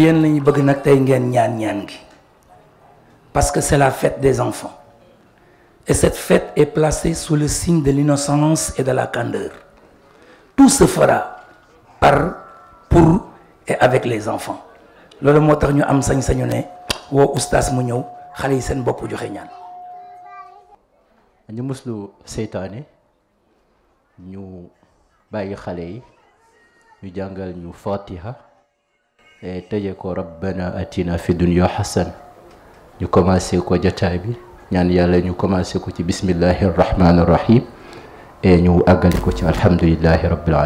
yéen lañu bëgg nag tey ngeen ñaan ñaan gi parce que c'est la fête des enfants et cette fête est placée sous le signe de l'innocence et de la candeur tout se fera par pour et avec les enfants loolu moo tax ñu am sañ-sañu ne woo ustaas mu ñëw xale yi seen bopp joxe ñaan ñu muslu seytaane ñu bàyyi xale yi ñu jàngal ñu fatiha Eh, tëje ko rabbana atina fi dunya hasan ñu commencé ko jataay bi ñaan yàlla ñu commencé ko ci bismillahi arrahmani arrahim e eh, ñu àggale ko ci alhamdulillahi rabbil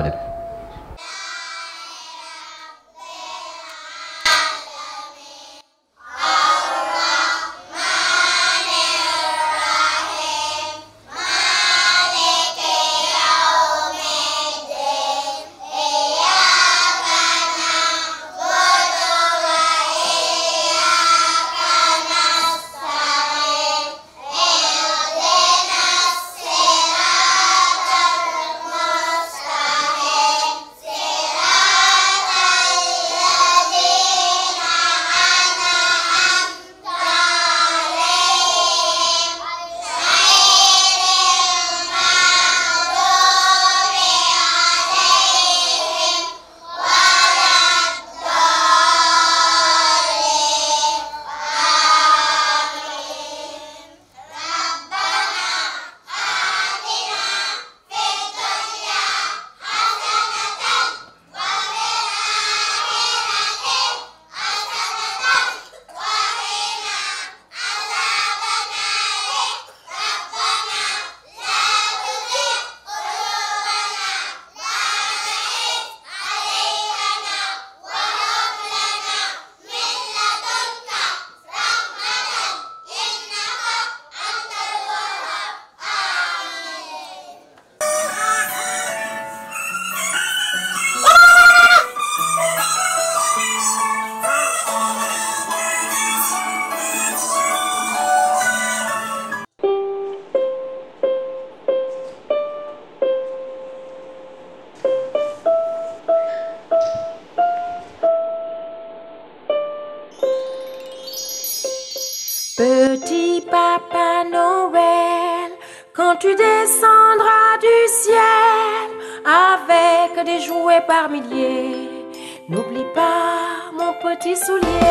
tes souliers.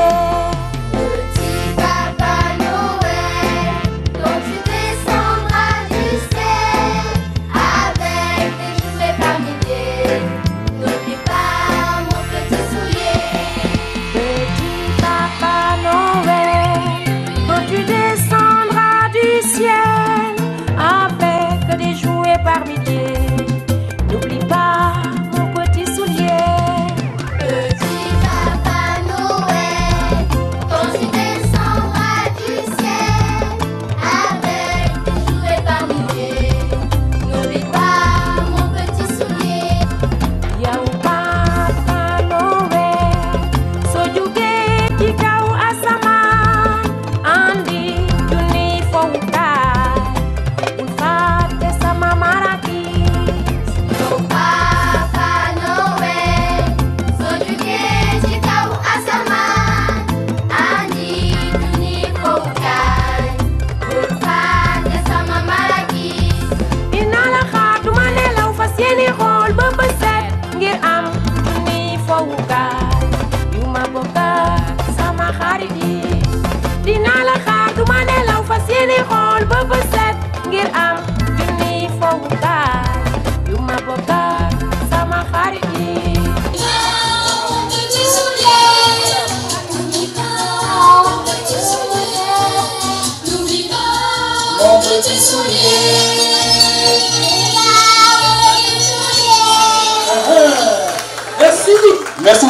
merci ah,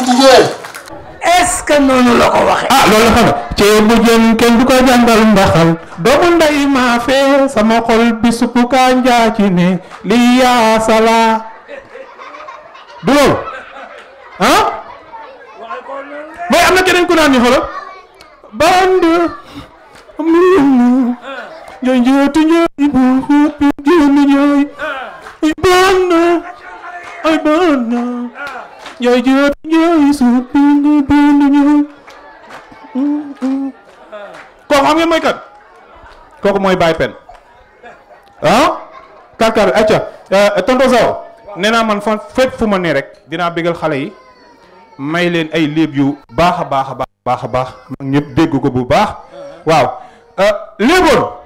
loolu xam nga ceebu kenn du ko jàngal mbaxal. doomu nday sama xol bi suppu kanja ci ne lii loolu ah. mooy am na keneen ku naan ñu xoolal. band. ñooy njooti ñooy suppi ñooy benn ñooy kooku xam ngeen mooy kan kooku mooy Baye Pen ah karkar tonto saw nee naa man fan fépp fu ma ne rek dinaa bégal xale yi may leen ay léeb yu baax a baax a baaxa baax a dégg ko bu baax waaw léeboon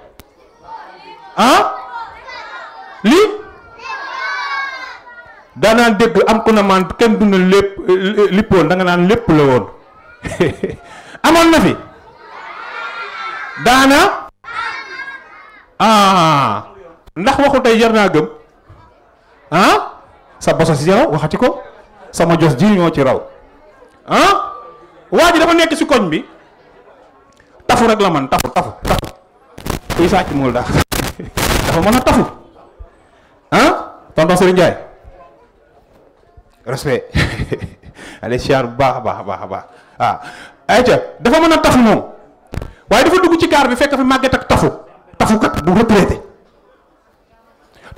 lii daana dégg am ku ne man kenn dund lépp lippoon da naan lépp la woon amoon na fi daana ah. ndax waxu tey jar naa gëm ah sa boso si raw waxati ko sama jos ji ñoo ci raw ah waa ji dafa nekk ci koñ bi tafu rek la man tafu tafu tafu kuy sàcc mool dax dafa mën a tafu ah tonton Serigne Ndiaye respect allez siyaar bu baax a baax baax a baax ah ayca dafa mën a tafu moom waaye dafa dugg ci kaar bi fekk fi màgget ak tafu tafukat bu retraité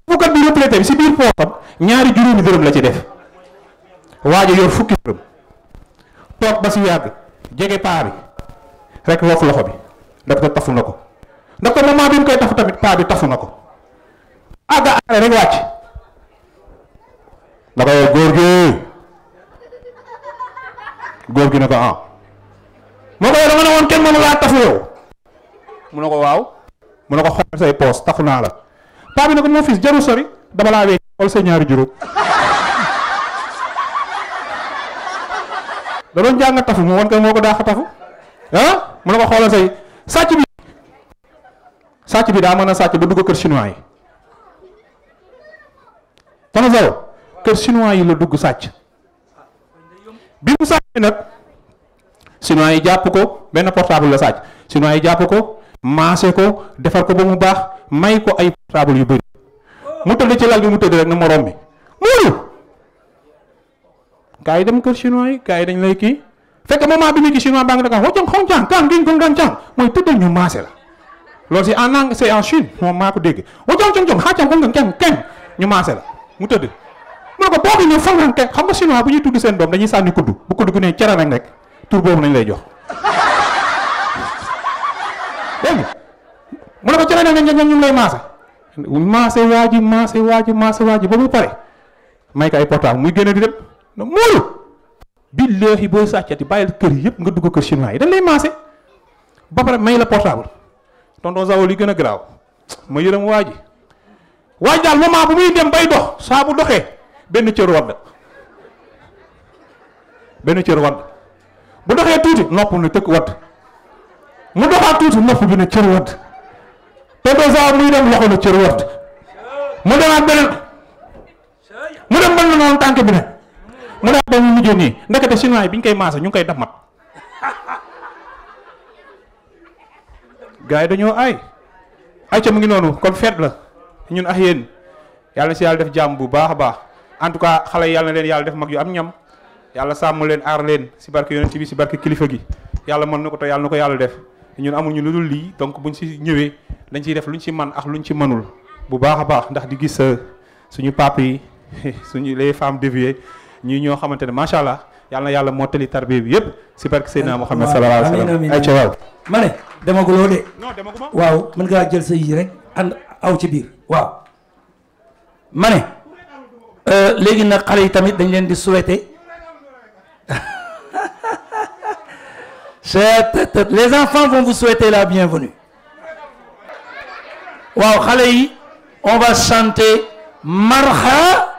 tafukat bu retraité bi si biir poosam ñaari juróomi dërëm la ci def waajo yor fukki dërëm toog ba si yàgg jege paa bi rek wokk loxo bi ndax tafu na ko ndax ko moment bi mu koy tafu tamit paa bi tafu na ko àgga aare rek wàcc da ko yow góor gi góor gi ne ko ah moo ko yow dama ne woon kenn mënu laa tafu yow mu ne ko waaw mu ne ko xool say poos tafu naa la paa bi ne ko moo fis jaru sori dama laa wecc xool say ñaari juróom da doon jàng tafu mu wan ko moo ko daax tafu ah mu ne ko xoolal say sàcc bi sàcc bi daa mën a sàcc ba dugg kër chinois yi tana zaro kër chinois yi la dugg sàcc bi mu sàccee nag chinois yi jàpp ko benn portable la sàcc chinois yi jàpp ko maase ko defar ko ba mu baax may ko ay portable yu bëri mu tëdd ci lal bi mu tëdd rek na morom mi muuru gaa yi dem kër chinois yi gaa yi dañ lay kii fekk moment bi muy kii chinois baa ngi da kan xocang xocang kan giñ ko ngan cang mooy tëddal ñu maase la lool si en anglais c'est en Chine moom maa ko dégg wa oh, jong jong jong xaacam xam nga keng keng ñu maase la mu tëdd mu ne ko boobu ñu fan nga xam nga chinois bu ñuy tudd seen doom dañuy sànni kudd bu kudd gu ne cere nañ rek tur boobu nañ lay jox dégg nga mu ne ko cere nañ rek maase maase waa ji maase waa ji maase waa ji ba mu pare may ko ay portable muy génne di dem na muuru billaahi booy sàccati bàyyil kër yëpp nga dugg kër chinois yi dañ lay maase ba pare may la portable tonton Zawo li gën a garaaw ma yërëm waa ji waa ji daal bu muy dem bay dox saa bu doxee benn cër wadd benn cër wadd bu doxee tuuti nopp ni tëkk wadd mu doxaat tuuti nopp bi ne cër wadd tonton Zawo muy dem loxo na cër wadd mu demaat beneen mu dem mën na noonu tànk bi ne mu demaat ba mu mujjee nii ndekete chinois yi bi ñu koy maase ñu ngi koy daf mat gars yi dañoo ay ayca mu ngi noonu kon feet la ñun ax yéen yàlla na si yàlla def jàmm bu baax a baax en tout cas xale yàlla na leen yàlla def mag yu am ñam yàlla sàmm leen aar leen si barke yonent bi si barke kilifa gi yàlla mën na ko te yàlla na ko yàlla def ñun amuñu lu dul lii donc bu ñu si ñëwee dañ ciy def luñ si man ax lu ñu ci mënul bu baax a baax ndax di gis euh, suñu papa yi suñu les femmes déviées ñii ñoo xamante ne macha allah yàlla na yàlla mottali tarbiya bi yëpp si barke Seydina Muhammad sallallahu alayhi wa sallam ay ca waaw ma ne demaguloo de non demaguma waaw mën ngaa jël sa yi rek ànd aw ci biir waaw ma euh, léegi nag xale yi tamit dañ leen di souhaiter les enfants vont vous souhaiter la bienvenue waaw xale yi on va chanter marha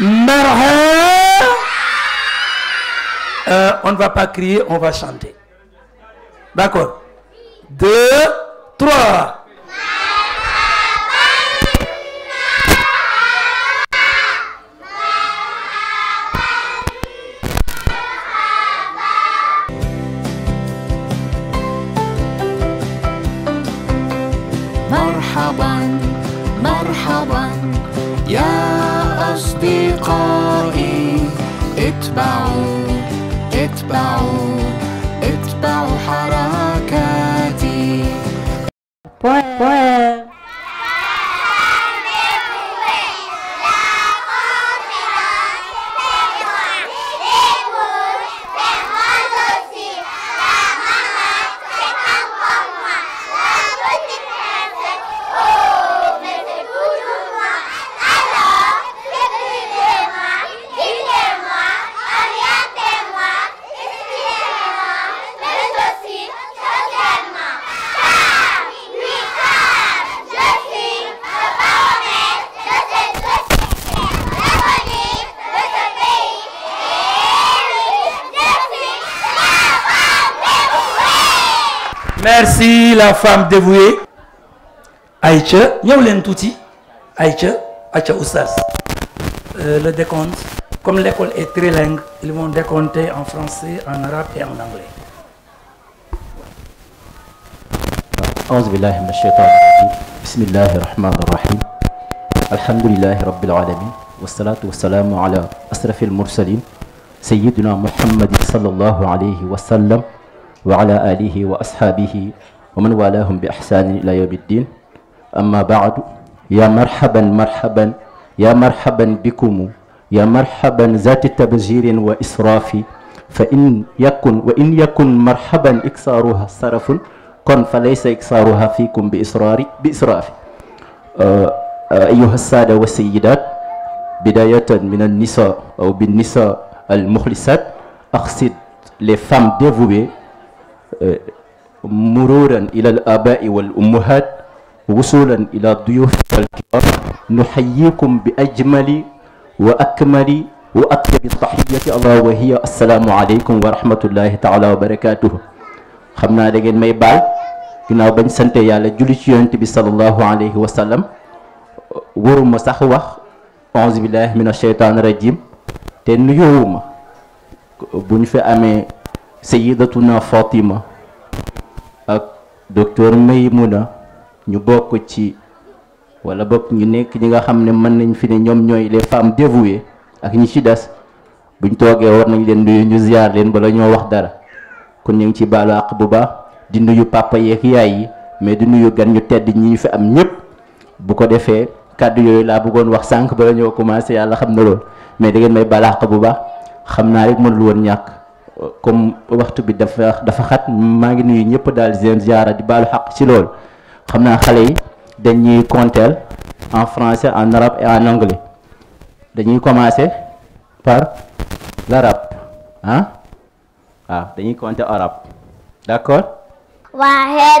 marha Euh, on ne chanter. D'accord Deux, trois. مرحبا مرحبا يا أصدقائي اتبعوا اتبعوا حركاتي merci la femme dévouée Aïcha ñëw leen tuuti Aïcha Aïcha Oustaz euh, le décompte comme l'école est trilingue ils vont décompter en français en arabe et en anglais أعوذ بالله من الشيطان الرجيم بسم الله الرحمن الرحيم الحمد لله رب العالمين والصلاة والسلام على أشرف المرسلين سيدنا محمد صلى الله عليه وسلم wa ala alihi wa ashaabihi wa man walahum bi ihsaanin ila yawmi ddin amma baadu ya marhaban marhaban ya marhaban bikumu ya marhaban zati tabjirin wa israfi fa in yakun wa in yakun marhaban iksaaruha sarafun kon fa laysa iksaaruha fikum bi israari bi israafi uh, uh, ayyuha saada wa sayidat bidayatan min annisa aw binnisa almuxlisat axsid les femmes dévouées مرورا إلى الآباء والأمهات وصولا إلى الضيوف الكرام نحييكم بأجمل وأكمل وأطيب التحية الله وهي السلام عليكم ورحمة الله تعالى وبركاته xam naa da ngeen may baal ginnaaw bañ sante yàlla julli ci yonent bi sallallahu alayhi wa sallam waruma sax wax auzu billahi min asheytaan rajim te nuyoowu ma bu ñu fi amee na Fatima ak docteur Maymuna ñu bokk ci wala bokk ñu nekk ñi nga xam ne mën nañ fi ne ñoom ñooy les femmes dévouées ak ñi ci des buñ toogee war nañ leen nuyu ñu ziar leen bala ñoo wax dara kon ñu ngi ci baalu bu baax di nuyu papa yeek yaay yi mais di nuyu gan ñu tedd ñi ñu fi am ñëpp bu ko defee kàddu yooyu laa bëggoon wax sànq bala ñoo commencé yàlla xam na lool mais da ngeen may baal àq bu baax xam naa rek mënul woon ñàkk. comme waxtu bi dafa dafa xat maa ngi nuyu ñëpp daal seen ziara di baalu xaq ci loolu xam naa xale yi dañuy konteel en français en arabe et en anglais dañuy commencer par l'arabe ah waaw dañuy compter arabe d'accord واحد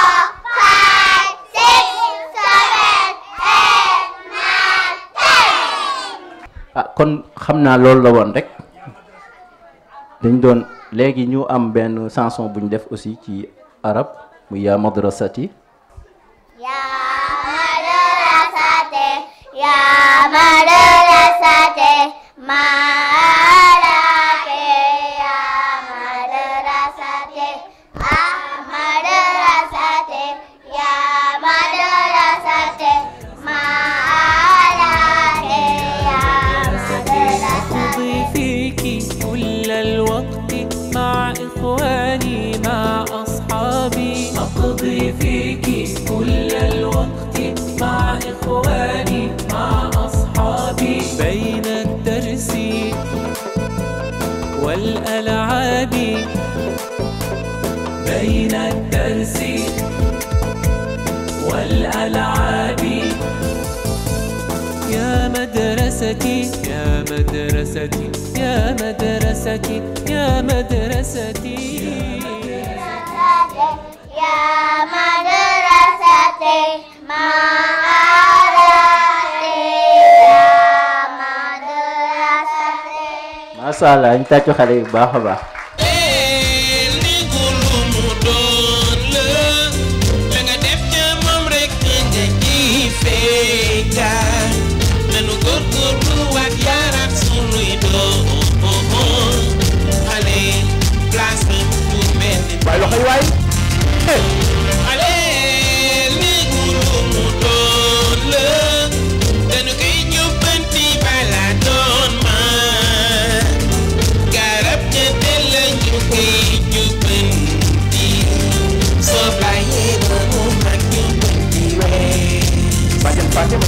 Ah, kon xam naa loolu la woon rek dañ doon léegi ñu am benn chanson bu ñu def aussi ci arab muy yaa madrasati yaa madrasati maa والألعاب بين الدرس والألعاب يا مدرستي يا مدرستي يا مدرستي يا مدرستي يا مدرستي ما macha allah ñu tàccu xale yi bu baax a baax.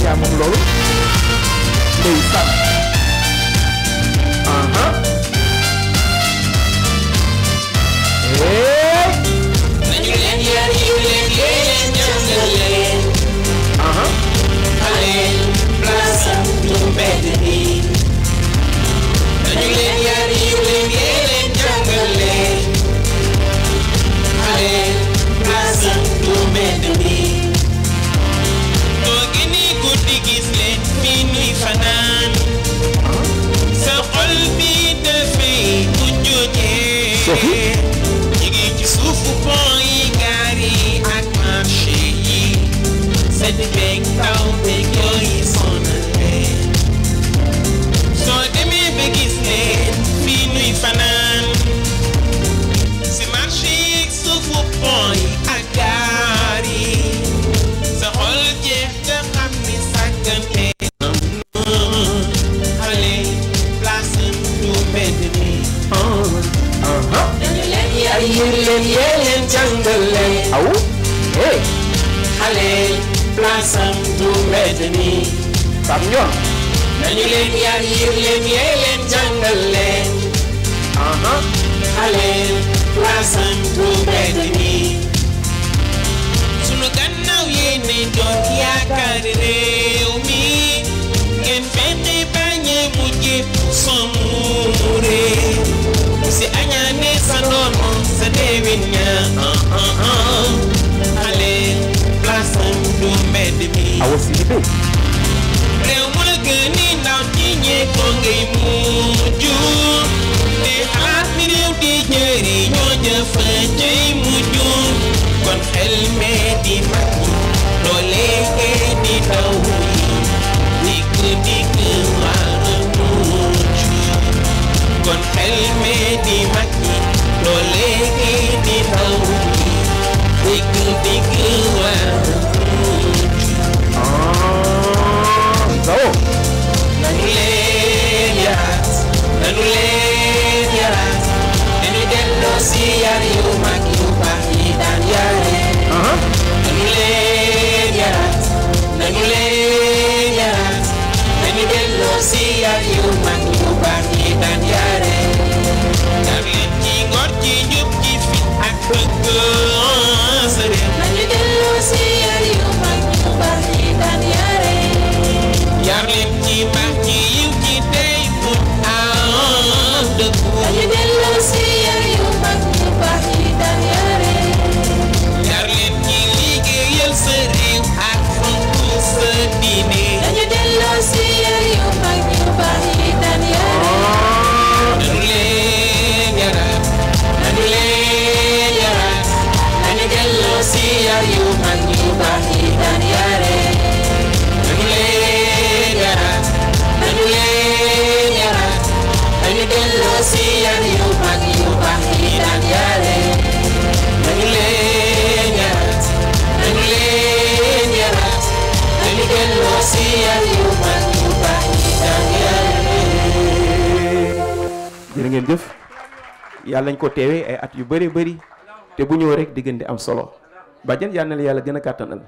yaa moom loolu ndeysaan aha ee nañu leen yar yu leen yee leen jàngal leen aha xale place am du mbedd bi nañu leen yar yu leen yee leen leen xale place am du de bektaw bég yooyu sonal leen soo demee ba gis leen fii nuy fanaan si marché yi suufu pont yi ak gaar yi sa xol jeex nga xam ni sàggante Yéen leen yéen leen jàngal leen aw hey xale place am du mbedd mi fam ñor nañu leen yar yir leen yee leen jàngal leen aha xale place am du mbedd mi sunu gannaaw yéene doon yaakaari réew mi ngeen fexe bañe mu jépp somu réew si añaane sa doon sa deewin ña àwọn sì níbẹ̀. Rẹ̀wọ́gẹ̀ ní nàìjíríà kọ̀ǹgẹ̀ ìmújú. Ní aláfíìrì díje rí yọjẹ fẹ̀jẹ̀ ìmújú. Kon elme di mati, lole e di dawu. Diku diku warung muju. Kon elme di mati. yar yu mag yu baax yi daan yare nañu leen yaraat nañu leen yaraat nañu delloo si yar yu mag yàlla nañ ko teewee ay at yu bare bëri te bu ñëw rek diggante am solo ba jën na yàlla gën a kàttanal.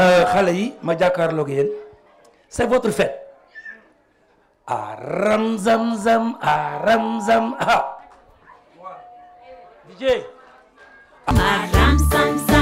Euh, xale yi ma jàkkaarloog yéen c'est votre fête aram ah, zam zam aram ah, zam ah. ah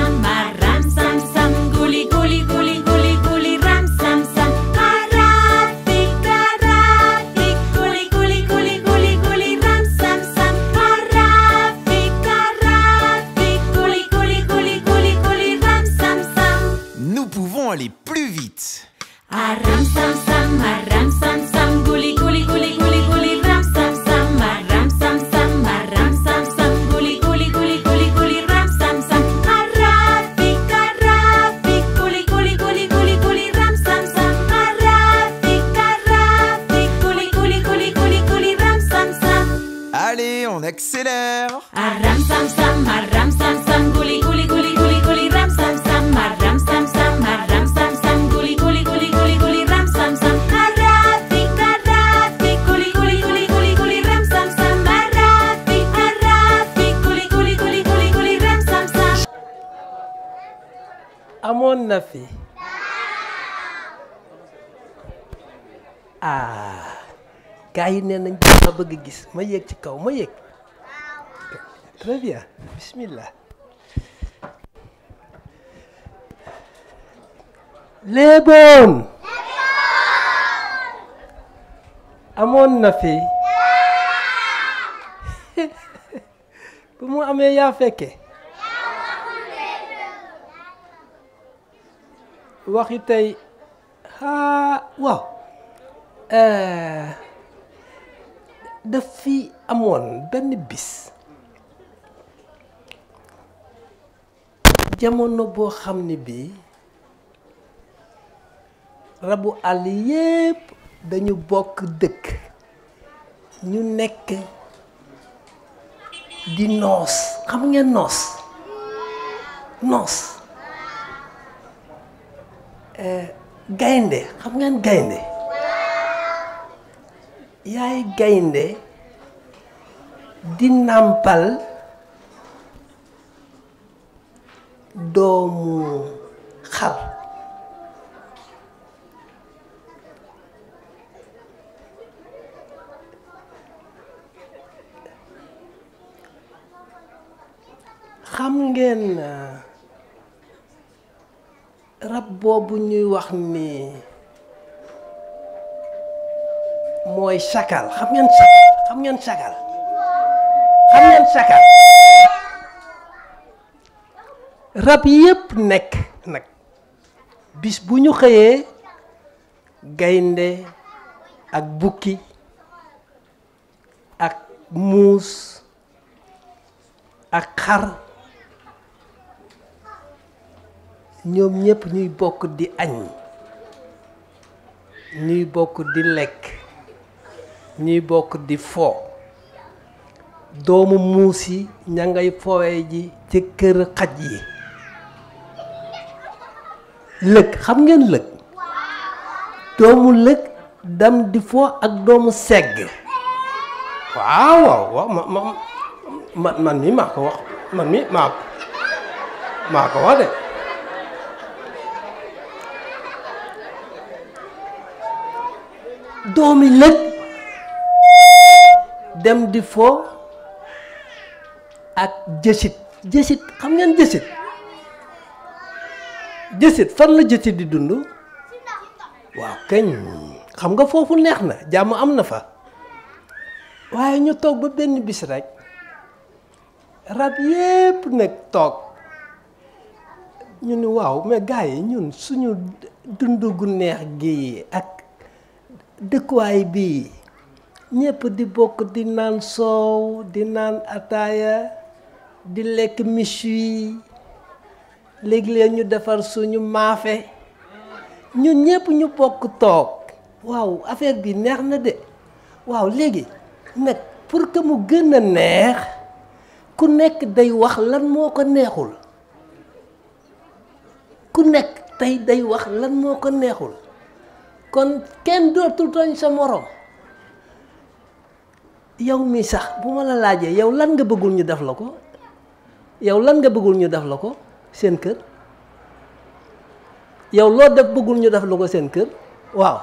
Arranza. na fi ah yi nee nañ bëgg gis ma ci kaw ma yéeg très amoon na fi bu mu amee yaa fekke waxi tey ah daf fi amoon benn bis jamono boo xam ne bii rabu àll yépp dañu bokk dëkk ñu nekk di noos xam ngeen noos noos gaynde xam ngeen gaynde yaay gaynde di nàmpal doomu xar xam ngeen euh, rab boobu ñuy wax ni mooy sakal xam ngeen sakal xam ngeen sakal xam ngeen sakal rab yépp nekk nag bis bu ñu xëyee gaynde ak bukki ak muus ak xar ñoom ñëpp ñuy bokk di añ ñuy bokk di lekk ñuy bokk di fo doomu muus yi ña ngay fowe ji ci kër xaj yi lëg xam ngeen lëg doomu lëg dam di fo ak doomu segg waaw waaw ma man mi maa ko wax man mi maa ko wax de doomi lépp dem di fo ak jësit jësit xam ngeen jësit jësit fan la jësit di dund waaw kañ xam nga foofu neex na jàmm am na fa waaye ñu toog ba benn bis rek rab yépp nag toog ñu ni waaw mais gars yi ñun suñu dund gu neex gi ak dëkkuwaay bii ñépp di bokk di naan soow di naan ataaya di lekk michu yi léegi-léeg ñu defar suñu maafe ñu ñépp ñu bokk toog waaw affaire bi neex na de waaw léegi nag pour que mu gën a neex ku nekk day wax lan moo ko neexul ku nekk tey day wax lan moo ko neexul kon kenn dootul tooñ sa morom yow mii sax bu ma la laajee yow lan nga bëggul ñu def la ko yow lan nga bëggul ñu def la ko seen kër yow loo def bëggul ñu def la ko seen kër waaw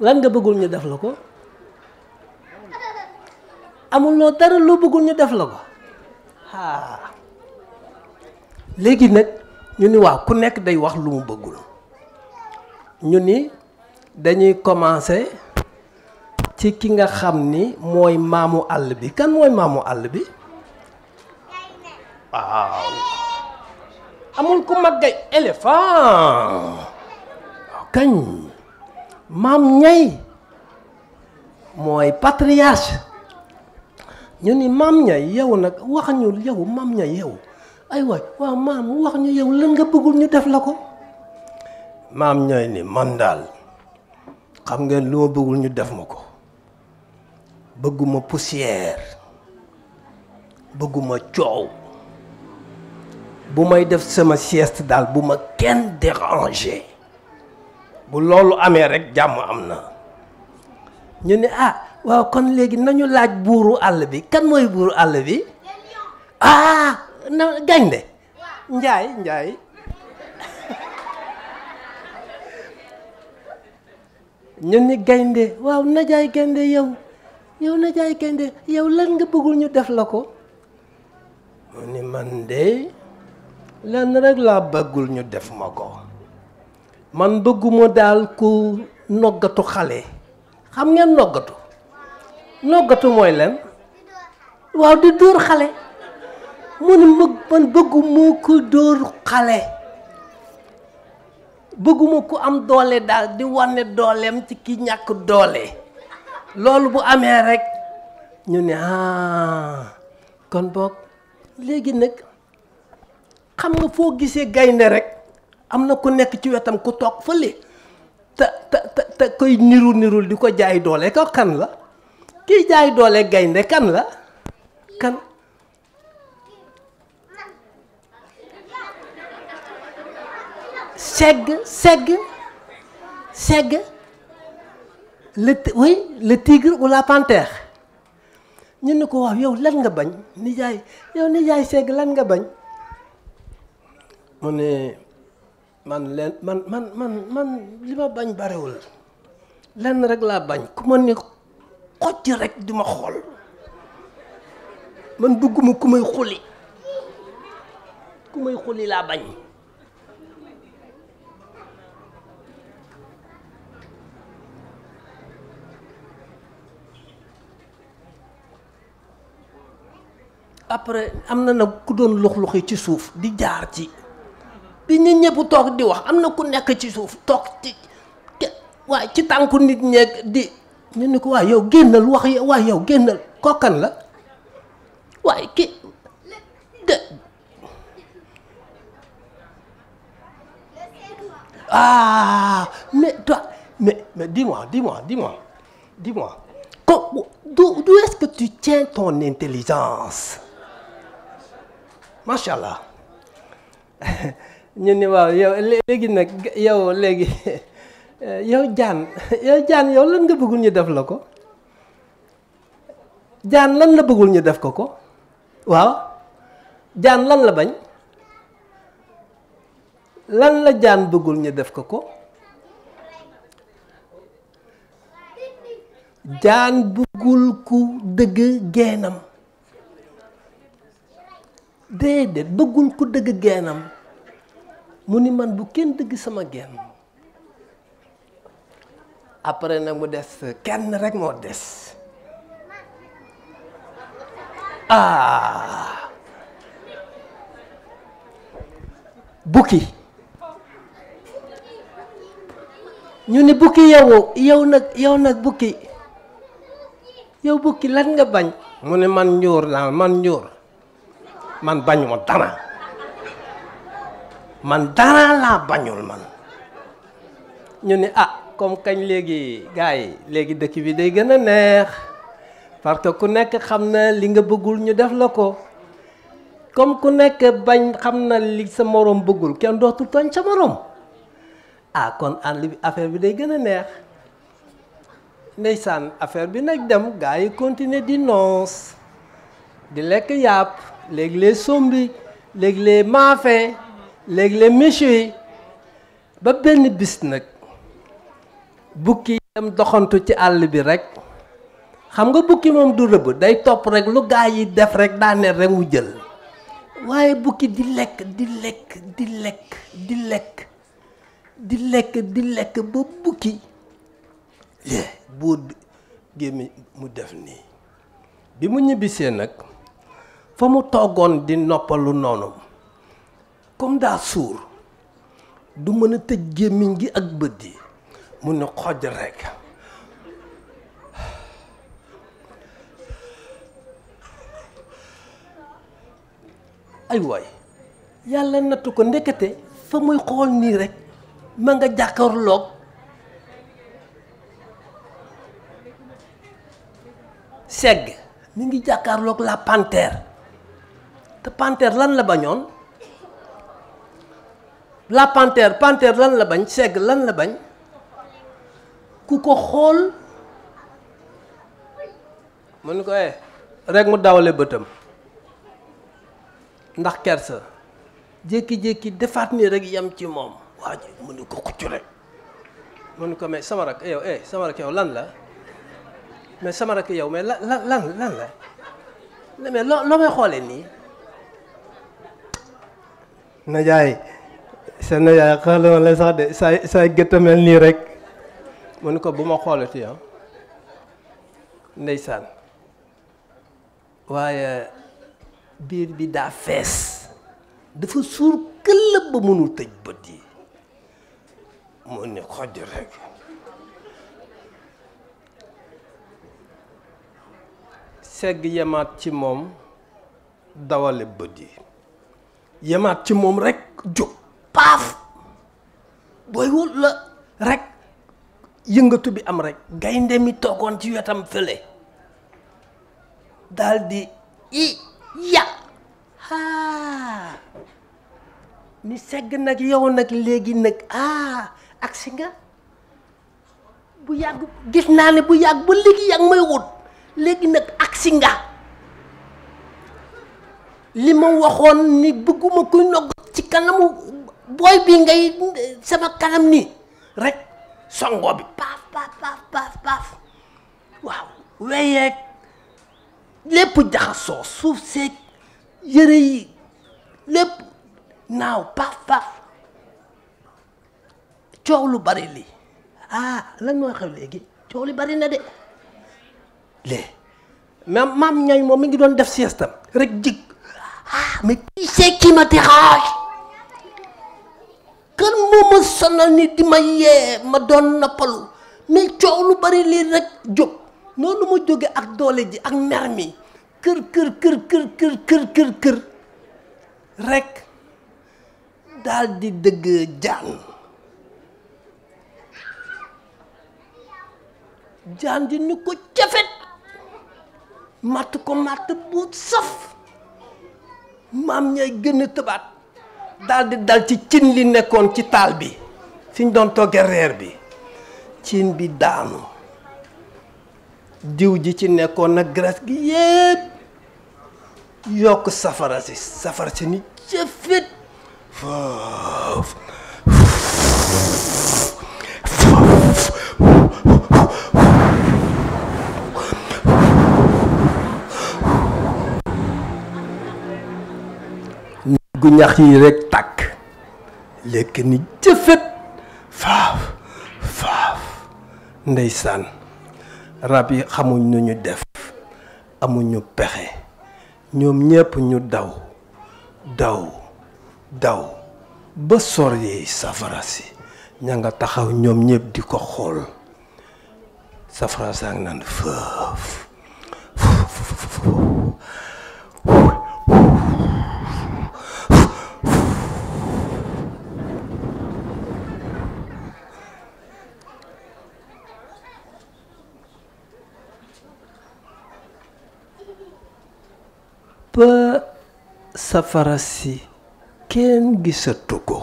lan nga bëggul ñu def la ko amuloo dara loo bëggul ñu def la aa léegi nag ñu ni waaw ku nekk day wax lu mu bëggul ñu ni dañuy commencer ci ki nga xam ni mooy maamu àll bi kan mooy maamu àll bi waaw amul ku mag ay kañ maam ñay mooy patriarche ñu ni maam ñay yow nag wax ñu yow maam ñay yow ay waay waaw maam wax ñu yow lan nga bëggul ñu def la ko maam ñooy ni man daal xam ngeen lu ma bëggul ñu def ma ko bëgguma poussière bëgguma coow bu may def sama sieste daal bu ma kenn déranger bu loolu amee rek jàmm am na ñu ni ah waaw kon léegi nañu laaj buuru àll bi kan mooy buuru àll bi ah na gaynde njaay njaay ñun ñi gaynde waaw najaay gaynde yow yow najaay gaynde yow lan nga bëggul ñu def la ko mu ni man de lenn rek laa bëggul ñu def ma ko man bëgguma daal ku noggatu xale xam ngeen noggatu noggatu mooy leen waaw di dóor xale mu ni man bëgguma ku dóor xale bëgguma ku am doole daal di wane dooleem ci ki ñàkk doole loolu bu amee rek ñu ne ah kon boog léegi nag xam nga foo gisee gaynde rek am na ku nekk ci wetam ku toog fële te te te koy niru nirul di ko jaay doole ko kan la kiy jaay doole gaynde kan la kan segg segg segg le oui le tigre ou la ñu ne ko wax yow lan nga bañ nijaay yow nijaay segg lan nga bañ mu ne man leen man man man li ma bañ barewul lenn rek laa bañ ku ma ni xocc rek di ma man bëgguma ku may xuli ku may xuli laa bañ après am na nag ku doon lux-luxi ci suuf di jaar ci bi nit ñëpp toog di wax am na ku nekk ci suuf toog ci waaye ci tànku nit ñeeg di ñu ni ko waaye yow génnal wax waaye yow génnal kokkan la waaye ki de ah mais toi mais mais dis-moi dis-moi dis-moi dis-moi. D'où tu tiens ton intelligence macha allah ñu ni waaw yow léegi nag yow léegi yow jaan yow jaan yow lan nga bëggul ñu def la ko jaan lan la bëggul ñu def ko ko waaw jaan lan la bañ lan la jaan bëggul ñu def ko ko jaan bëggul ku dëgg geenam déedéet bëggul ko dëgg geenam mu ni man bu kenn dëgg sama geen après nag mu des kenn rek moo des ah bukki ñu ni bukki yow yow nag yow nag bukki yow bukki lan nga bañ mu ne man njuur laa man njuur man bañuma dara man dara laa bañul man ñu ni a ah, comme kañ léegi gars yi léegi dëkk bi day gën a neex parce que ku nekk xam na li nga bëggul ñu def la ko comme ku nekk bañ xam na li sa moroom bëggul kenn dootul tooñ sa moroom a ah, kon àll bi affaire bi day gën a neex ndeysaan affaire bi nag dem gars yi continuer di noos di lekk yàpp léegi les sombi léegi les maafin léegi les ba benn bis nag bukki dem doxantu ci àll bi rekk xam nga bukki moom du rëbb day topp rekk lu gaa yi def rek daaneel rek mu jël waaye bukki di lekk di lekk di lekk di lekk ba bukki buur bi gémmi mu def nii bi mu ñibbisee nag fa mu toogoon di noppalu noonu comme daa suur du mën a tëj gémmiñ gi ak bët yi mu ne xoj rekk ay waay yàlla nattu ko ndekete fa muy xool nii rekk ma nga jàkkarloog segg mu ngi jàkkaarloog la panthère te lan la bañoon la panthère panthère lan la bañ segg lan la bañ ku ko xool mu ni ko eh rek mu dawale bëtam ndax kersa jékki-jékki defaat ni rek yam ci moom waa ji ko xuccule mu ni ko mais sama rak yow eh sama rak yow lan la mais sama rak yow mais lan lan la loo may xoolee nii najaay sa najaay xaalama la sax de saay saay gëttamel nii rek mu ne ko bu ma xoolati yow ndeysaan waaye biir bi daa fees dafa suur këllëb ba mënul tëj bët yi mu ni xoj rek segg yemaat ci moom dawale bët yi yemaat ci moom rek jóg paaf booy wut la rekk yëngatu bi am rek gaynde mi toogoon ci wetam fële daal di i ya aa ni segg nag yow nag léegi nag ah agsi nga bu yàgg gis naa ne bu yàgg ba léegi yàgg may wut léegi nag agsi nga li ma waxoon ni bëgguma kuy nogg ci kanamu booy bi ngay sama kanam ni rek songo bi paaf paaf paaf paaf waaw weyeeg lépp jaxasoo suuf seeg yére yi lépp naaw paaf paaf coow lu bari li ah lan moo xew léegi coow li bari na de lée maam maam ñañ moom mi ngi doon def siestam rek jig mais qui c'est qui me dérange kan moo ma ni di ma yee ma doon noppalu mais coow lu bari lii rek jóg noonu ma jóge ak doole ji ak mer mi kër kër kër kër kër kër kër di dëgg jaan jaan di ni ko cafet matt ko matt bu saf maam ñay gën tëbaat daal dal ci cin li nekkoon ci taal bi fi doon toggee reer bi cin bi daanu diw ji ci nekkoon na graisse gi yépp yokk safara si safara si ni jëfit gu ñax yi rekk tàkk lekk ni jëfet faaf faaf ndeysaan rab yi xamuñ nu def amuñu pexe ñoom ñépp ñu daw daw daw ba sor yi safara si ña nga taxaw ñoom ñépp di ko xool safara sang naan fëf ba safara si kenn gisatu ko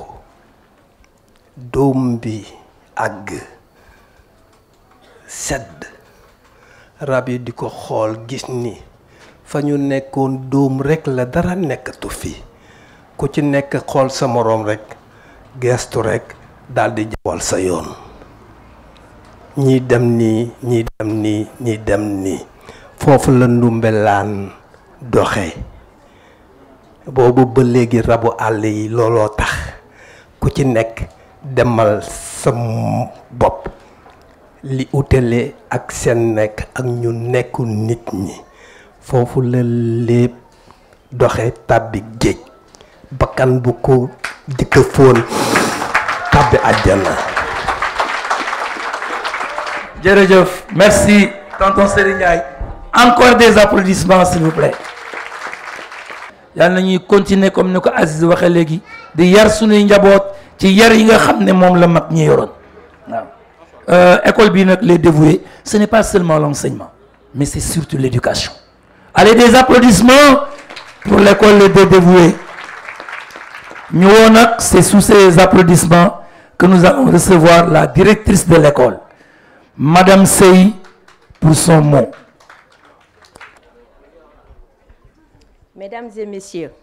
doom bi àgg sedd rab yi di ko xool gis ni fa ñu nekkoon doom rekk la dara nekkatu fi ku ci nekk xool sa moroom rekk geestu rekk daldi jawal sa yoon ñii dem ni ñii dem ni ñii dem nii foofu la mbelaan doxee boobu ba léegi rabu àll yi looloo tax ku ci nekk demal sa bopp li utale ak seen nekk ak ñu nekku nit ñi foofu la lépp doxe tàbbi géej bakkan bu ko jëkka fóon tàbbi àjjana jërëjëf encore des applaudissements s'il vous plaît yàlla na ñuy continuer comme ni ko Aziz waxee léegi di yar suñuy njaboot ci yar yi nga xam ne moom la mag ñi yoroon waaw euh, école bii nag les dévoués ce n'est pas seulement l'enseignement mais c'est surtout l'éducation allez des applaudissements pour l'école des dévoués ñu nag c'est sous ces applaudissements que nous allons recevoir la directrice de l'école Madame Sey pour son mot Mesdames et messieurs,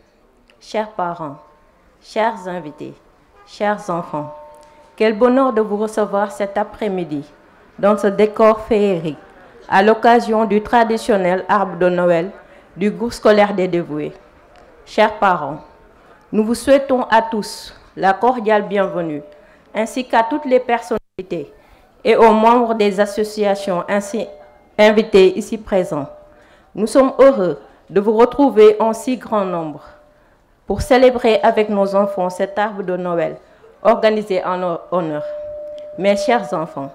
chers parents, chers invités, chers enfants, quel bonheur de vous recevoir cet après-midi dans ce décor féerique à l'occasion du traditionnel arbre de Noël du groupe scolaire des dévoués. Chers parents, nous vous souhaitons à tous la cordiale bienvenue, ainsi qu'à toutes les personnalités et aux membres des associations ainsi invités ici présents. Nous sommes heureux de vous retrouver en si grand nombre pour célébrer avec nos enfants cet arbre de Noël organisé en honneur. Mes chers enfants,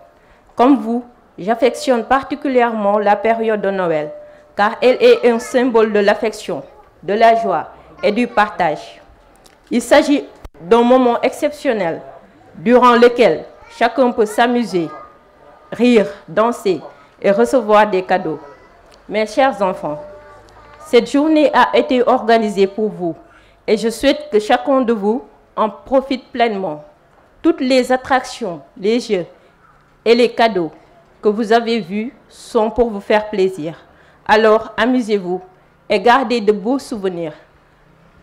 comme vous, j'affectionne particulièrement la période de Noël, car elle est un symbole de l'affection, de la joie et du partage. Il s'agit d'un moment exceptionnel durant lequel chacun peut s'amuser, rire, danser et recevoir des cadeaux. Mes chers enfants, Cette journée a été organisée pour vous et je souhaite que chacun de vous en profite pleinement. Toutes les attractions, les jeux et les cadeaux que vous avez vus sont pour vous faire plaisir. Alors amusez-vous et gardez de beaux souvenirs.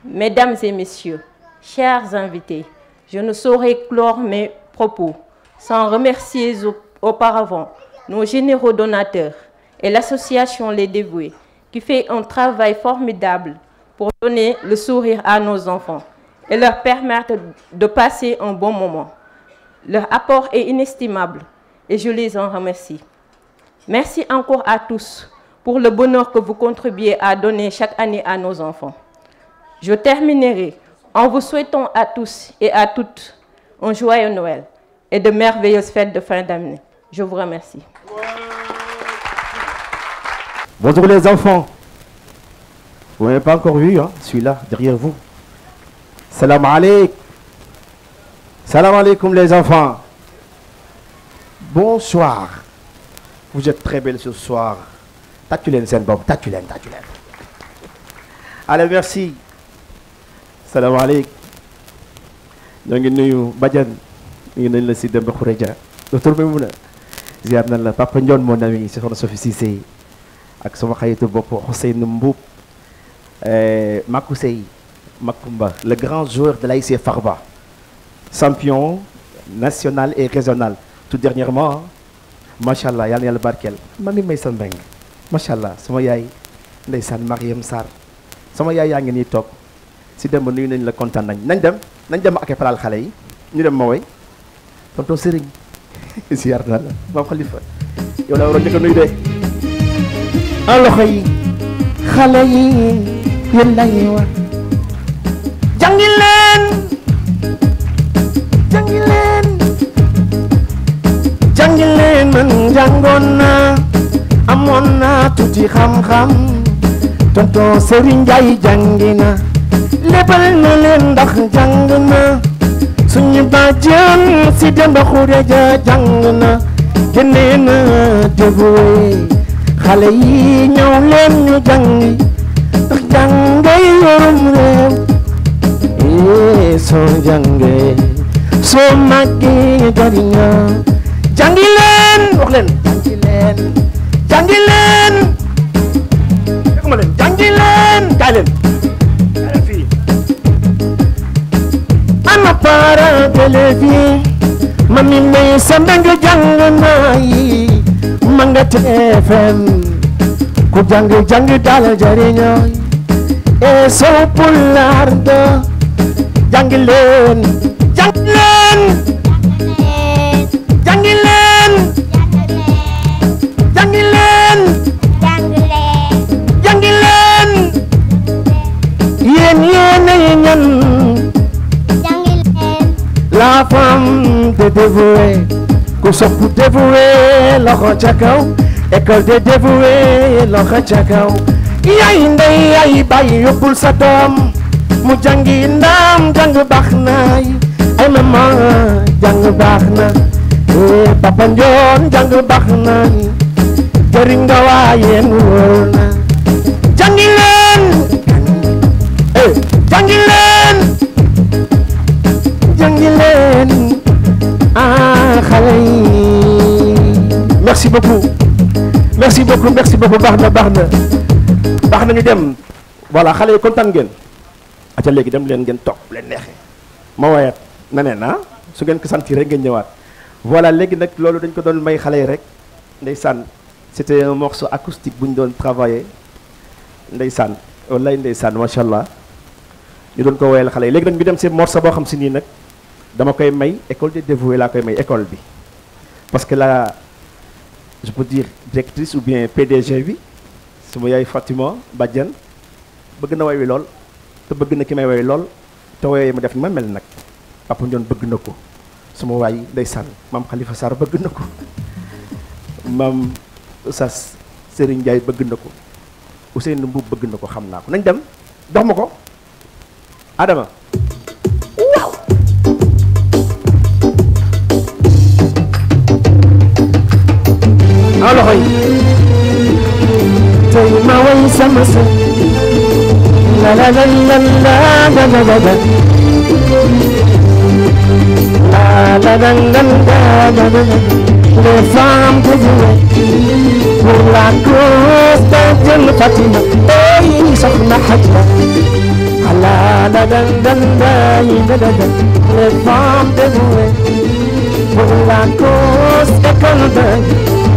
Mesdames et messieurs, chers invités, je ne saurais clore mes propos sans remercier auparavant nos généraux donateurs et l'association Les Dévoués qui fait un travail formidable pour donner le sourire à nos enfants et leur permettre de passer un bon moment. Leur apport est inestimable et je les en remercie. Merci encore à tous pour le bonheur que vous contribuez à donner chaque année à nos enfants. Je terminerai en vous souhaitant à tous et à toutes un joyeux Noël et de merveilleuses fêtes de fin d'année. Je vous remercie. Bonjour les enfants. Vous ne m'avez pas encore vu, hein, celui-là, derrière vous. Salam alaikum. Salam alaikum les enfants. Bonsoir. Vous êtes très belles ce soir. Tatulen Sen Bob, Tatulen, Tatulen. Allez, merci. Salam alaikum. ñoo ngi nuyu Badiane ñu ngi nañ la si Demba Khoureja docteur Maimouna ziar nañ la Papa Ndione mon ami soxna Sophie ak sama xaritu bopp Ousseynou Mbuub eh, Makou Sey Makumba le grand joueur de l'AIC Farba champion national et régional tout dernièrement macha allah yal na yàlla barkeel mami may sa mbeng macha allah sama yaay ndeysaan Mariam sar sama yaay yaa ngi nii toog si dem ba nuyu nañ la kontaan nañ nañ dem nañ dem ak palaal xale yi ñu dem ma woy tonton Serigne ziar naa la maam Khalifa yow laa waroon njëkk a de loxo yi xale yi yéen lañuy wax jàngi leen man jàngoon naa amoon naa tuuti xam-xam tonton Serigne Ndiaye lebal na leen ndax jàng na suñu bàjjen si demba xureja jàng na génnee na xale yi ñëw leen ñu jàngi ndax jàngay yorum réew ee soo jàngee soo màggee jariñaa jàngi leen wax leen jàngi leen jàngi leen dégg ma leen jàngi leen kaay leen fii ana para télé bi mami may sa mbeng jàng naa yi Mangati FM ku jàng jàng dala jariñoo e soo pulaar do jàng leen jàng leen jàng leen jàng leen jàng leen yéen yéenay ñan la femme de dévouée bu sopp Dévoué loxo ca kaw école de Dévoué loxo ca kaw yaay ndey yaay bàyyi doom mu jàngi ndam jàng baax na ay maman jàng baax na eh papa Njoon jàng baax na jëriñ nga waaye nu wóor na jàngi leen eh leen jàngi leen ah xale merci beaucoup merci beaucoup merci beaucoup baax na baax na baax na ñu dem voilà xale yi kontaan ngeen. aca léegi dem leen ngeen toog leen neexee ma wayaat na ne na ah, su ngeen ko sentir rek ngeen ñëwaat voilà léegi nag loolu dañ ko doon may xale yi rek ndeysaan c'était un morceau acoustique bu ñu doon saan travailler ndeysaan wallaay saan macha allah ñu doon ko woyal xale yi léegi nag ñu dem si morceau boo xam si nii nag dama koy may école de dévoué laa koy may école bi je peux dire directrice ou bien PDG bi sama yaay Fatima Badiane bëgg na way wi lool te bëgg na ki may way lool te woyee ma def ma mel nag Papa Ndione bëgg na ko sama waay ndeysaan maam xalifa Sarr bëgg na ko maam sa Serigne Ndiaye bëgg na ko Ousseynou Mboub bëgg na ko xam naa ko nañ dem dox ma ko Adama sama loxo yi tey ma way sama sa la la la la la la la la la la la la la la les femmes dévouées pour la cause de Dieu Fatima tey soxna Hajja la la la la la la les femmes dévouées pour la cause de Dieu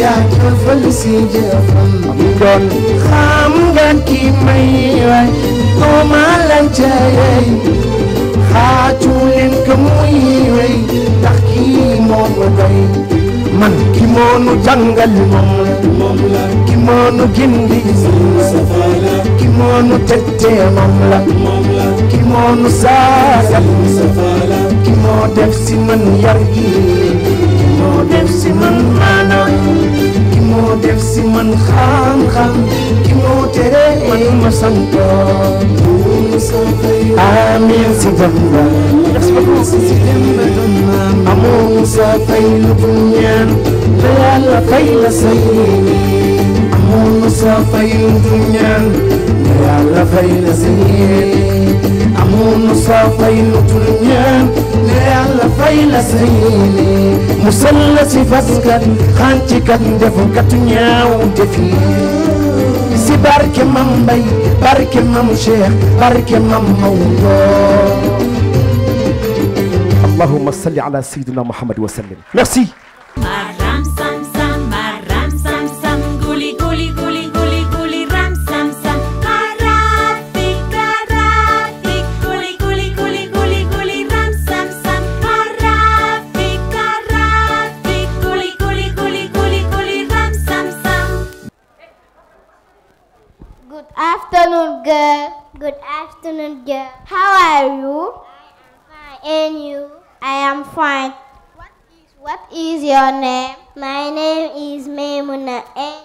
yaa jëfal si jëfam yi xam nga ki may waay noo ma lay jaayee xaatu leen ko muy wey ndax kii moo ma man ki moo nu jàngal moom la moo nu gindi ki moo nu tette moom la ki moo nu saagal ki moo def si man yar gi ki moo def si man maanaam moo def si ma santoon lu dul ñaan la yàlla fay la say Moussa Faye du ñaan na yàlla fay la sa yéene amoo Moussa Faye du ñaan na yàlla fay la sa yéene musal la si faskat xàncikat ndefukat ñaaw defi si barke mam Mbay barke mam Cheikh barke mam Maodo. Allahumma salli ala sayyidina Muhammad wa sallim. Merci. fine. What is, your name? My name is Maimuna. And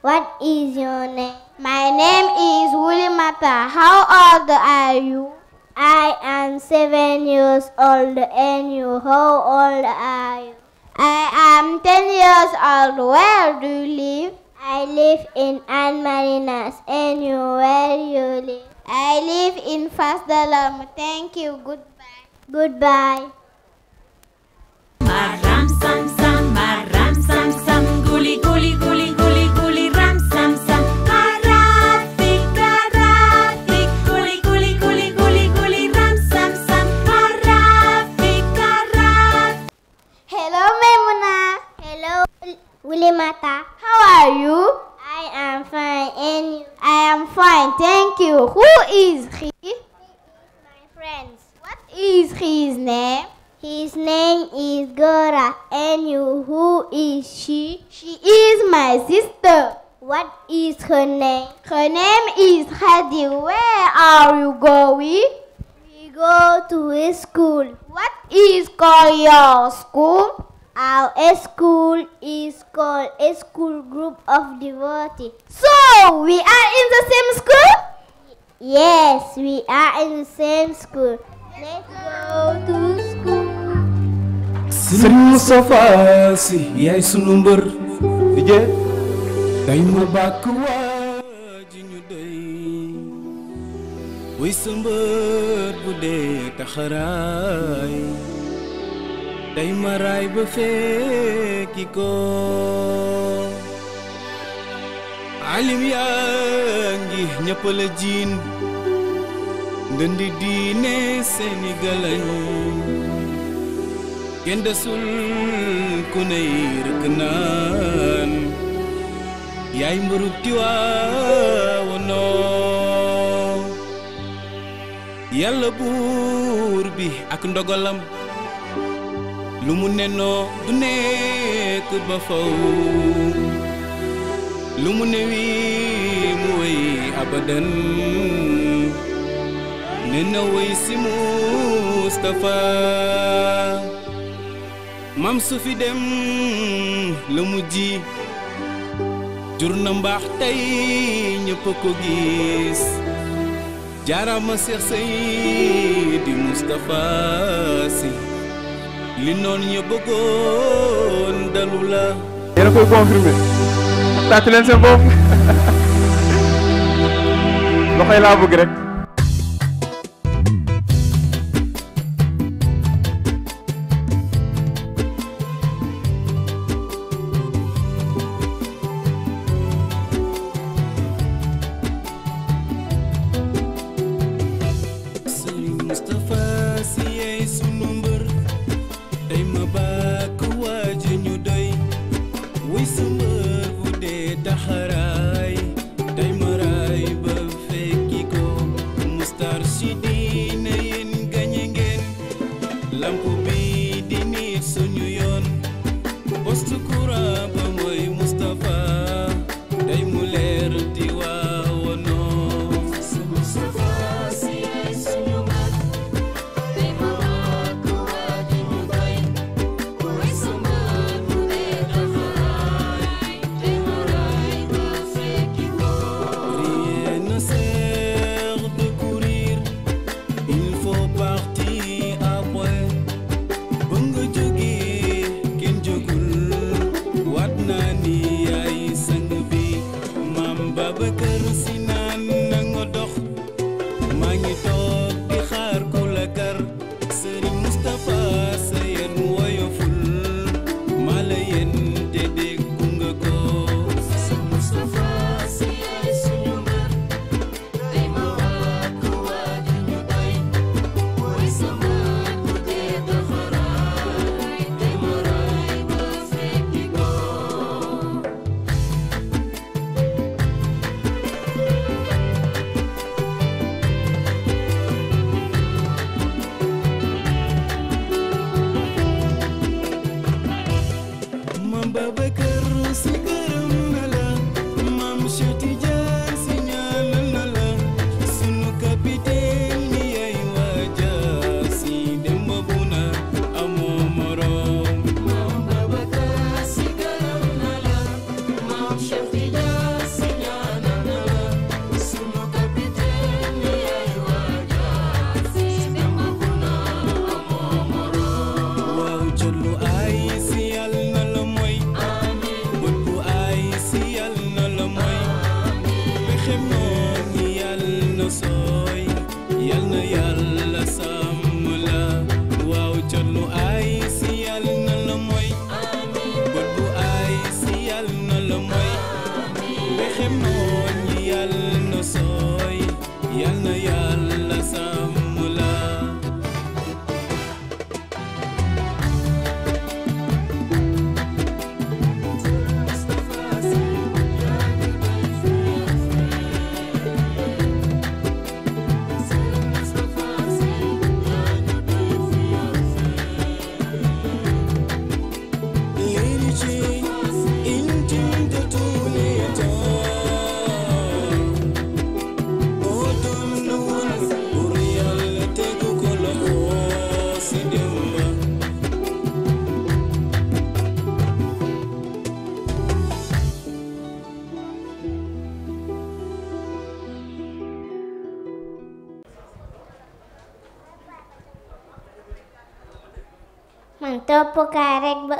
what is your name? My name is Wulimata. How old are you? I am seven years old. And you, how old are you? I am ten years old. Where you live? I live in Anne Marinas. And you, where you live? I live in Fasdalam. Thank you. Goodbye. Goodbye. Maram Sam What is her name? Her name is Hadi. Where are you going? We is called your school? Our school is called a school group of devotees. So, we are in the same school? Yes, we are in the same school. Let's go to school. day ma bàkk waa ji ñu doy wuy sa bu dee taxaraay day ma raay ba fekki ko alim yaa ngi ñëpp la ndëndi diine seeni galañ kenn desul ku ney rëkk naan yaay mbërub Tiwaawoon oh yàlla buur bi ak ndogalam lu mu nenoo du nekk ba faw lu mu newi mu wéy abadan ne na wéy si Mustafa mam su dem la ji jur na mbaax tey ñëpp ko gis jaarama Seex Seydi Moustapha Sy li noonu ñu bëggoon dalu la yéen koy confirmé tàcc leen seen bopp loxoy laa bëgg rek mooñ yal na sooy yal na yàlla sam kaa rek ba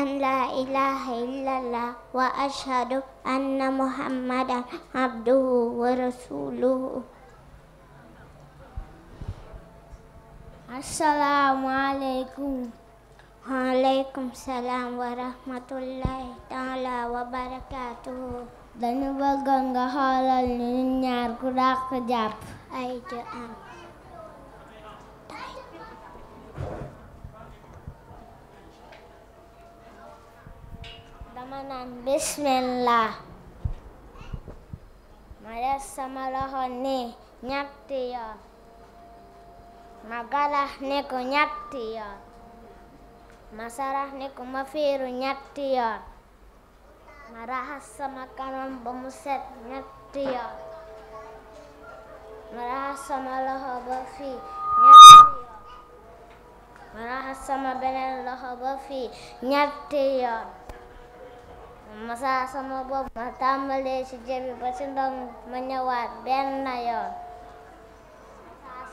an la ilaha illallah wa ashhadu anna muhammadan abduhu wa rasuluhu asalaamaaleykum. waaleykum salaam wa rahmatullahi taala wa barakaatuhu. dañu bëggoon nga xoolal ni ñun ñaar ku dàq jàpp. ay ca am. Ah. dama naan bismillah. ma def sama loxo nii ñetti yoon. ma galax ne ko ñetti yoon ma sarax ne ko ma fiiru ñetti yoon ma raxas sama kanam ba mu set ñetti yoon ma raxas sama loxo ba fii ñetti yoon beneen loxo ba fii ñetti yoon ma saa sama bopp ma tàmbalee ci jebi ba ci ma ñëwaat benn yoon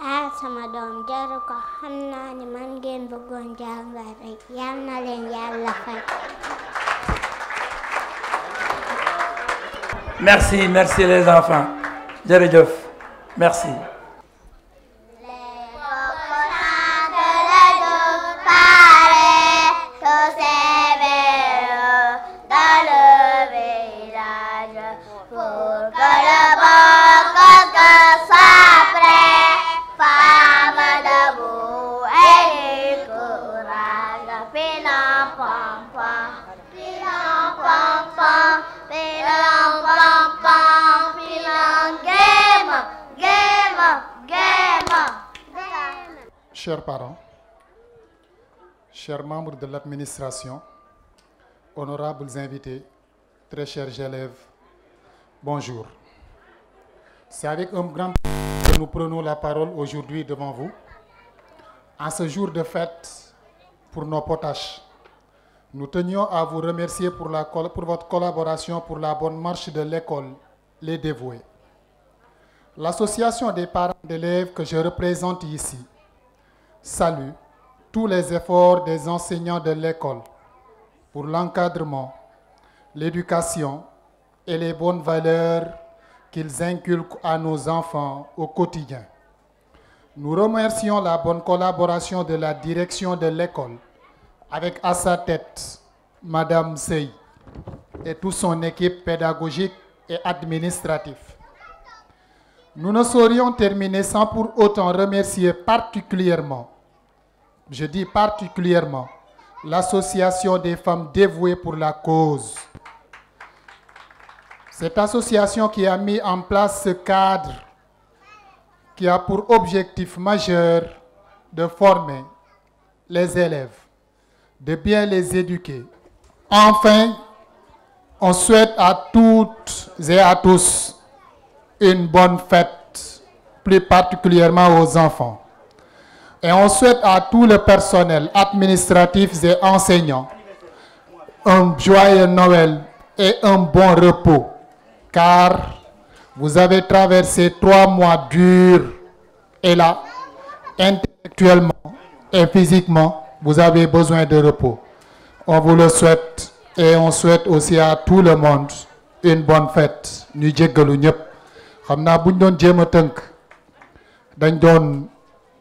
ah sama doom jaru ko xam naa ni man ngeen bëggoon jàngal rek yal na leen yàlla fay. merci merci les enfants jërëjëf merci. Chers parents, chers membres de l'administration, honorables invités, très chers élèves, bonjour. C'est avec un grand plaisir que nous prenons la parole aujourd'hui devant vous. En ce jour de fête pour nos potaches, nous tenions à vous remercier pour, la, pour votre collaboration pour la bonne marche de l'école, les dévoués. L'association des parents d'élèves que je représente ici salue tous les efforts des enseignants de l'école pour l'encadrement, l'éducation et les bonnes valeurs qu'ils inculquent à nos enfants au quotidien. Nous remercions la bonne collaboration de la direction de l'école avec à sa tête Madame Sey et toute son équipe pédagogique et administrative. Nous ne saurions terminer sans pour autant remercier particulièrement Je dis particulièrement l'association des femmes dévouées pour la cause. Cette association qui a mis en place ce cadre qui a pour objectif majeur de former les élèves, de bien les éduquer. Enfin, on souhaite à toutes et à tous une bonne fête, plus particulièrement aux enfants. Et on souhaite à tout les personnel administratif et enseignant un joyeux Noël et un bon repos, car vous avez traversé trois mois durs et là, intellectuellement et physiquement, vous avez besoin de repos. On vous le souhaite et on souhaite aussi à tout le monde une bonne fête ñu jéggalu ñëpp xam naa bu ñu doon jéem a tënk dañ doon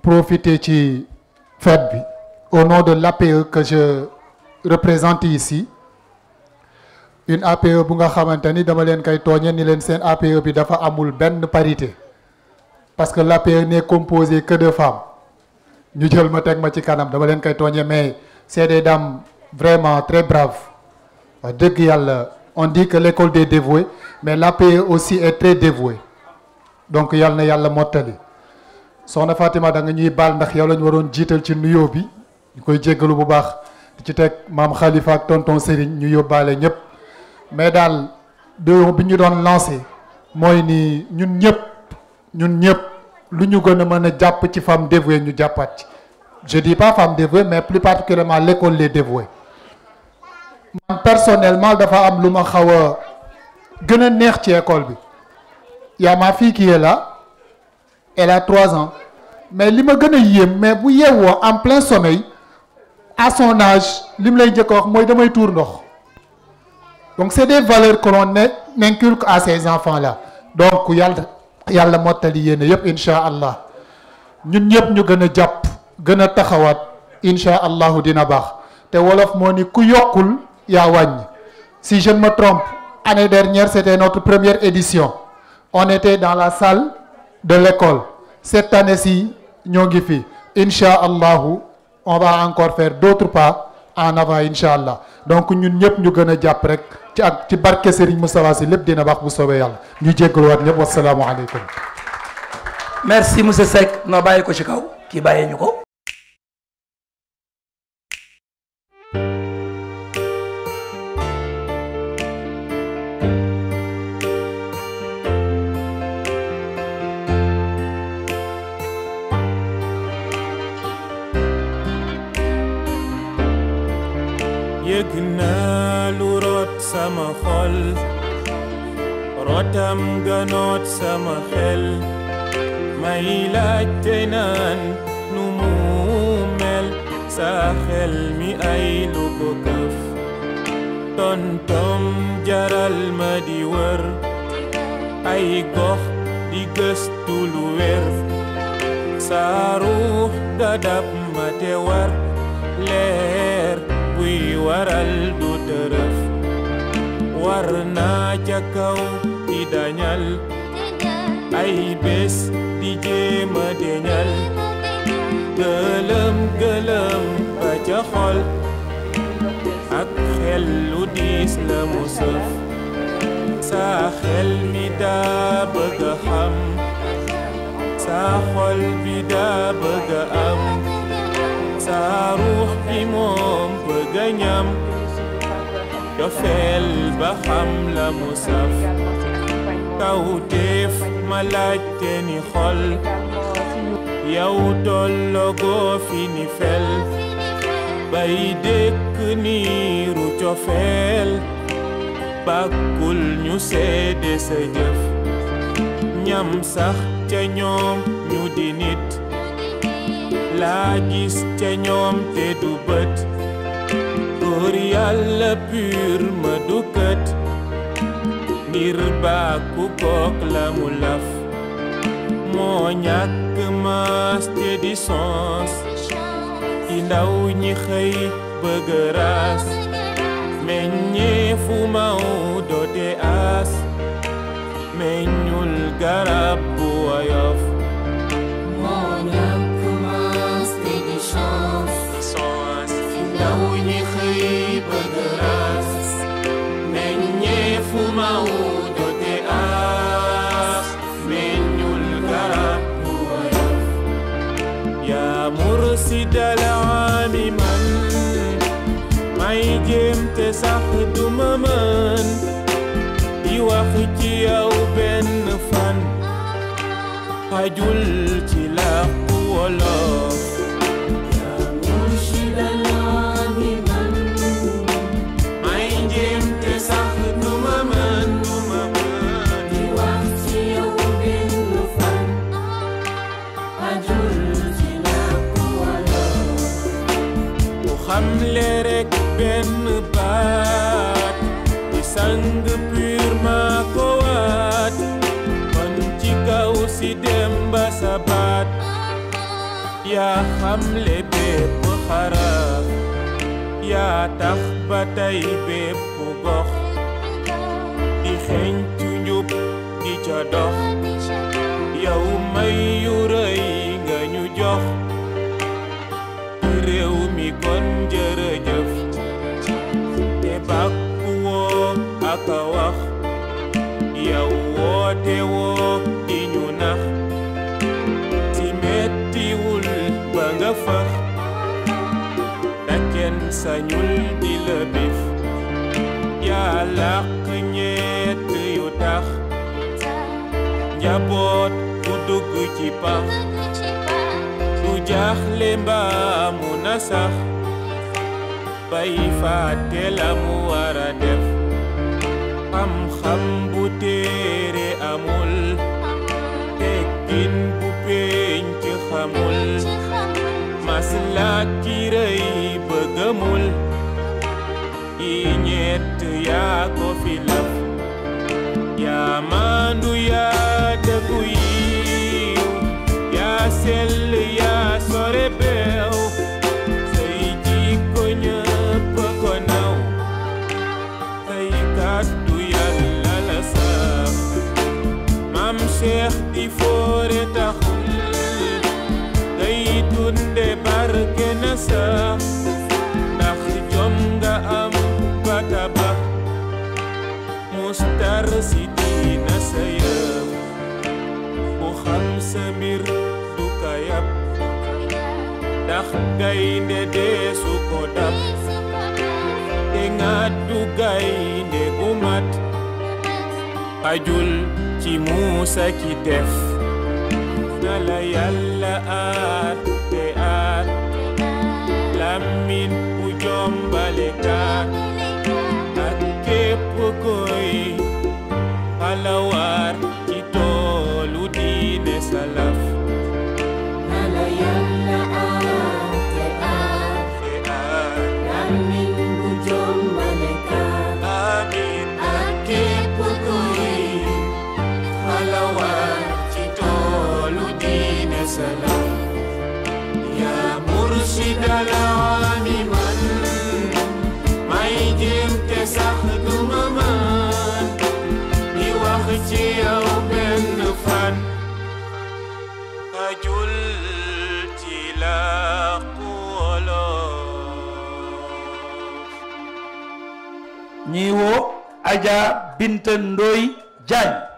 profité ci fête bi au nom de l'APE que je représente ici une APE bu nga xamante ni dama leen koy tooñe ni leen seen APE bi dafa amul benn parité parce que l'APE n'est composée que de femmes ñu jël ma teg ma ci kanam dama leen koy tooñe mais c'est des dames vraiment très braves wax dëgg yàlla on di que l'école des dévoués mais l'APE aussi est très dévouée donc yàlla na yàlla mottali soxna Fatima da nga ñuy baal ndax yow la ñu waroon jiital ci nuyoo bi ñu koy jéggalu bu baax di ci teg maam Khalifa ak tonton Serigne ñu yóbbaale ñëpp mais daal déo bi ñu doon lancé mooy ni ñun ñëpp ñun ñëpp lu ñu gën a mën a jàpp ci femme dévouée ñu jàppaat ci je dis pas femme dévouée mais plus particulièrement l'école les dévoués man personnellement dafa am lu ma xaw a gën a neex ci école bi yaa ma fille qui est elle a trois ans mais li ma gën a yéem mais bu yeewoo en plein sommeil assonage li mu lay njëkk a wax mooy damay tuur ndox donc c'est des valeurs que l'on inculque à ces enfants là donc yàlla yàlla mottali yéene yëpp incha allah ñun ñëpp ñu gën a jàpp gën a taxawaat incha allahu dina baax te wolof moo ni ku yokkul yaa wàññ si je ma me trompe année dernière c'était notre première édition on dans la salle. de l'école cette année-ci ñoo ngi fi incha allahu on va encore faire d'autres pas en avant incha allah donc ñun ñëpp ñu gën a jàpp rek ci ak ci barke mu Moustapha Sy lépp dina baax bu soobee yàlla ñu jéggaluwaat ñëpp wasalaamualeykum. merci monsieur Seck noo bàyyi ko ci kaw kii bàyyee ñu ko. naalu root sama xol rotam ganoot sama xel may laajte naan nu mu mel saa xel mi ay lu ko këf tontom jaral ma di wër ay gox di gëstu lu wér saa ruux dadab ma te war lee waral du tërëf war naa ca kaw di ay bés di jéema deñal gëlëm gëlëm ba ak xel lu diis la mu saa xel mi daa bëgg saa xol bi daa bëgg sa ruux bi moom bëgg ñam dofeel ba xam la mu saf kawteef ma laajte ni xol yow tollogoo fi ni fel bay dëkk niiru cofeel bàkkul ñu seede sa jëf ñam sax ca ñoom ñu di laa gis te ñoom te du bët góor yàlla pur ma du kët ndir baa ku kook la mu laf moo ñàkk maas te di sens ci ndaw ñi xëy bëgg raas meññee maw doote aas meññul garab bu woyof si dalaami man may jéem te sax du ma mën di wax ci yow benn fan xajul ci làkku wolof yaa xamle bépp xaraf yaa tax ba tey bépp gox di xeñtu njub di ca dox yow may yu rëy nga ñu jox réew mi kon jërëjëf te bàkku woo a wax yow woote nga fëx te kenn sañul di la bif yaa làq ñett yu tax njaboot ku dugg ci pax du jaaxle mbaa na sax bay fàtte la mu war a xam bu téere amul teggin bu pénc xamul aslak ki rëy bëggamul ñett yaa ko fi yaa maandu yaa dëggu yaa sell yaa sore beew say jikko ñëpp ko naw say kàddu yàlla la saf maam sa ndax jom nga am ba mustar si diina sa yëf bu xam sa mbir du ka ndax gaynde dee ko dab te nga du gaynde gu ajul ci muusa ki def na la Adja Binta Ndoye Diagne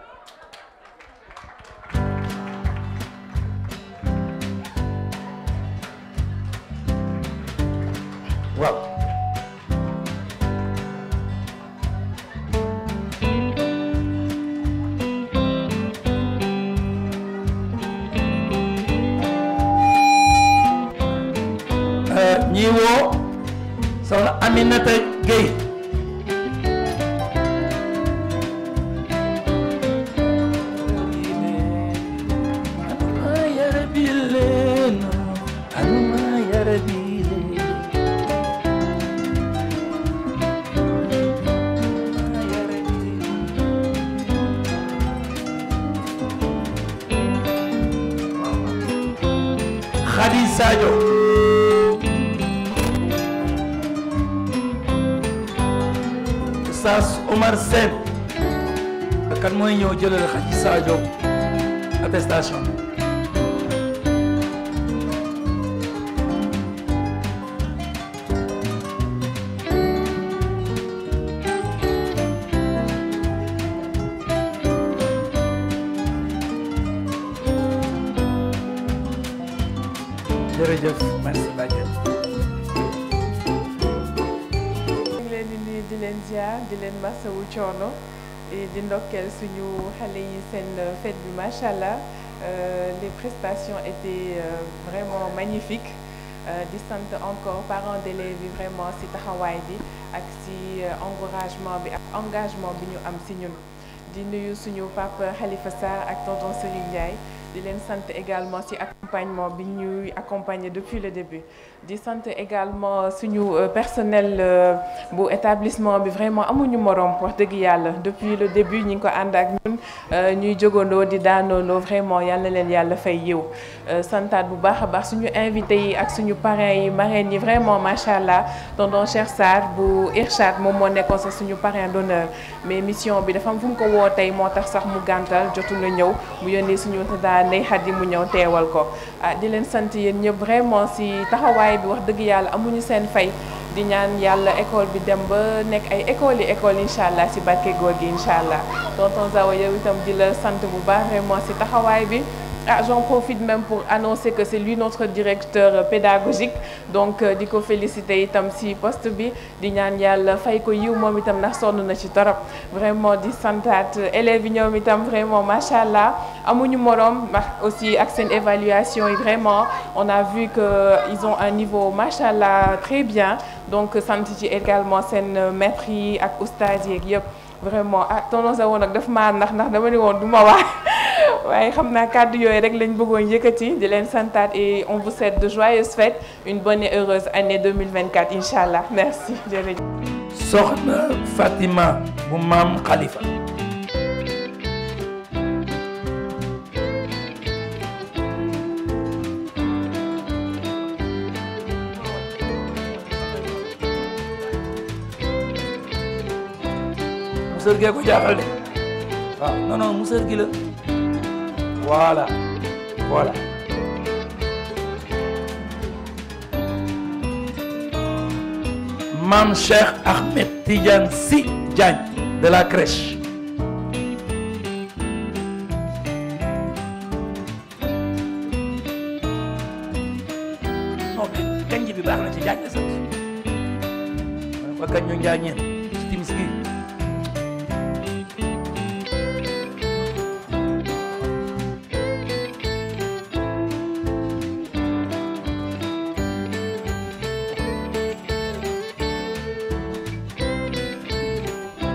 macha allah euh, les prestations étaient euh, vraiment magnifiques euh, di sant encore parents d'élèves vraiment ci taxawaay bi ak ci encouragement bi ak engagement bi ñu am ci ñun. di nuyu suñu papa Khalifa Sarr ak tonton Serigne di leen sant également ci ak accompagnement bi ñuy accompagner depuis le début di sant également suñu euh, personnel euh, bu établissement bi vraiment amuñu morom wax dëgg yàlla depuis le début ñu ngi ko ànd ak ñun euh, ñuy jógandoo di daanoondoo vraiment yal na leen yàlla fay yiw santaat bu baax a baax suñu invité yi ak suñu parrains yi marraines yi vraiment macha allah tonton Cheikh Sarr bu Irchad moom moo nekkoon sax suñu parrain d'honneur mais mission bi dafa am ko woo tey moo tax sax mu gàntal jotul la ñëw mu yónnee mu ñëw teewal ko ah di leen sant yéen ñëpp vraiment si taxawaay bi wax dëgg yàlla amuñu seen fay di ñaan yàlla école bi dem ba nekk ay école yi école incha allah si barke góor gi incha allah tonton Zawa yow itam di la sant bu baax vraiment si taxawaay bi. ah j'en profite même pour annoncer que c'est lui notre directeur pédagogique donc euh, di ko féliciter itam si poste bi di ñaan yàlla fay ko yiw moom itam ndax sonn na ci torop vraiment di santaat élèves yi ñoom itam vraiment macha allah amuñu morom aussi ak seen évaluation yi vraiment on a vu que ils ont un niveau macha allah très bien donc sant ci également seen maîtres yi ak oustaz yeeg yëpp vraiment a tonton Zawo nag daf maa ndax ndax dama ne ma wax waaye xam naa kàddu yooyu rek lañ bëggoon yëkkati di leen santat et on vous souhaite de joyeuses fêtes une bonne et heureuse année 2024 incha allah merci jërëjëf. soxna Fatima bu Khalifa. musër gee ko jaaxal de waaw ah, non non Voilà. Voilà. Mam Cheikh Ahmed Tidiane Si Diagne de la crèche.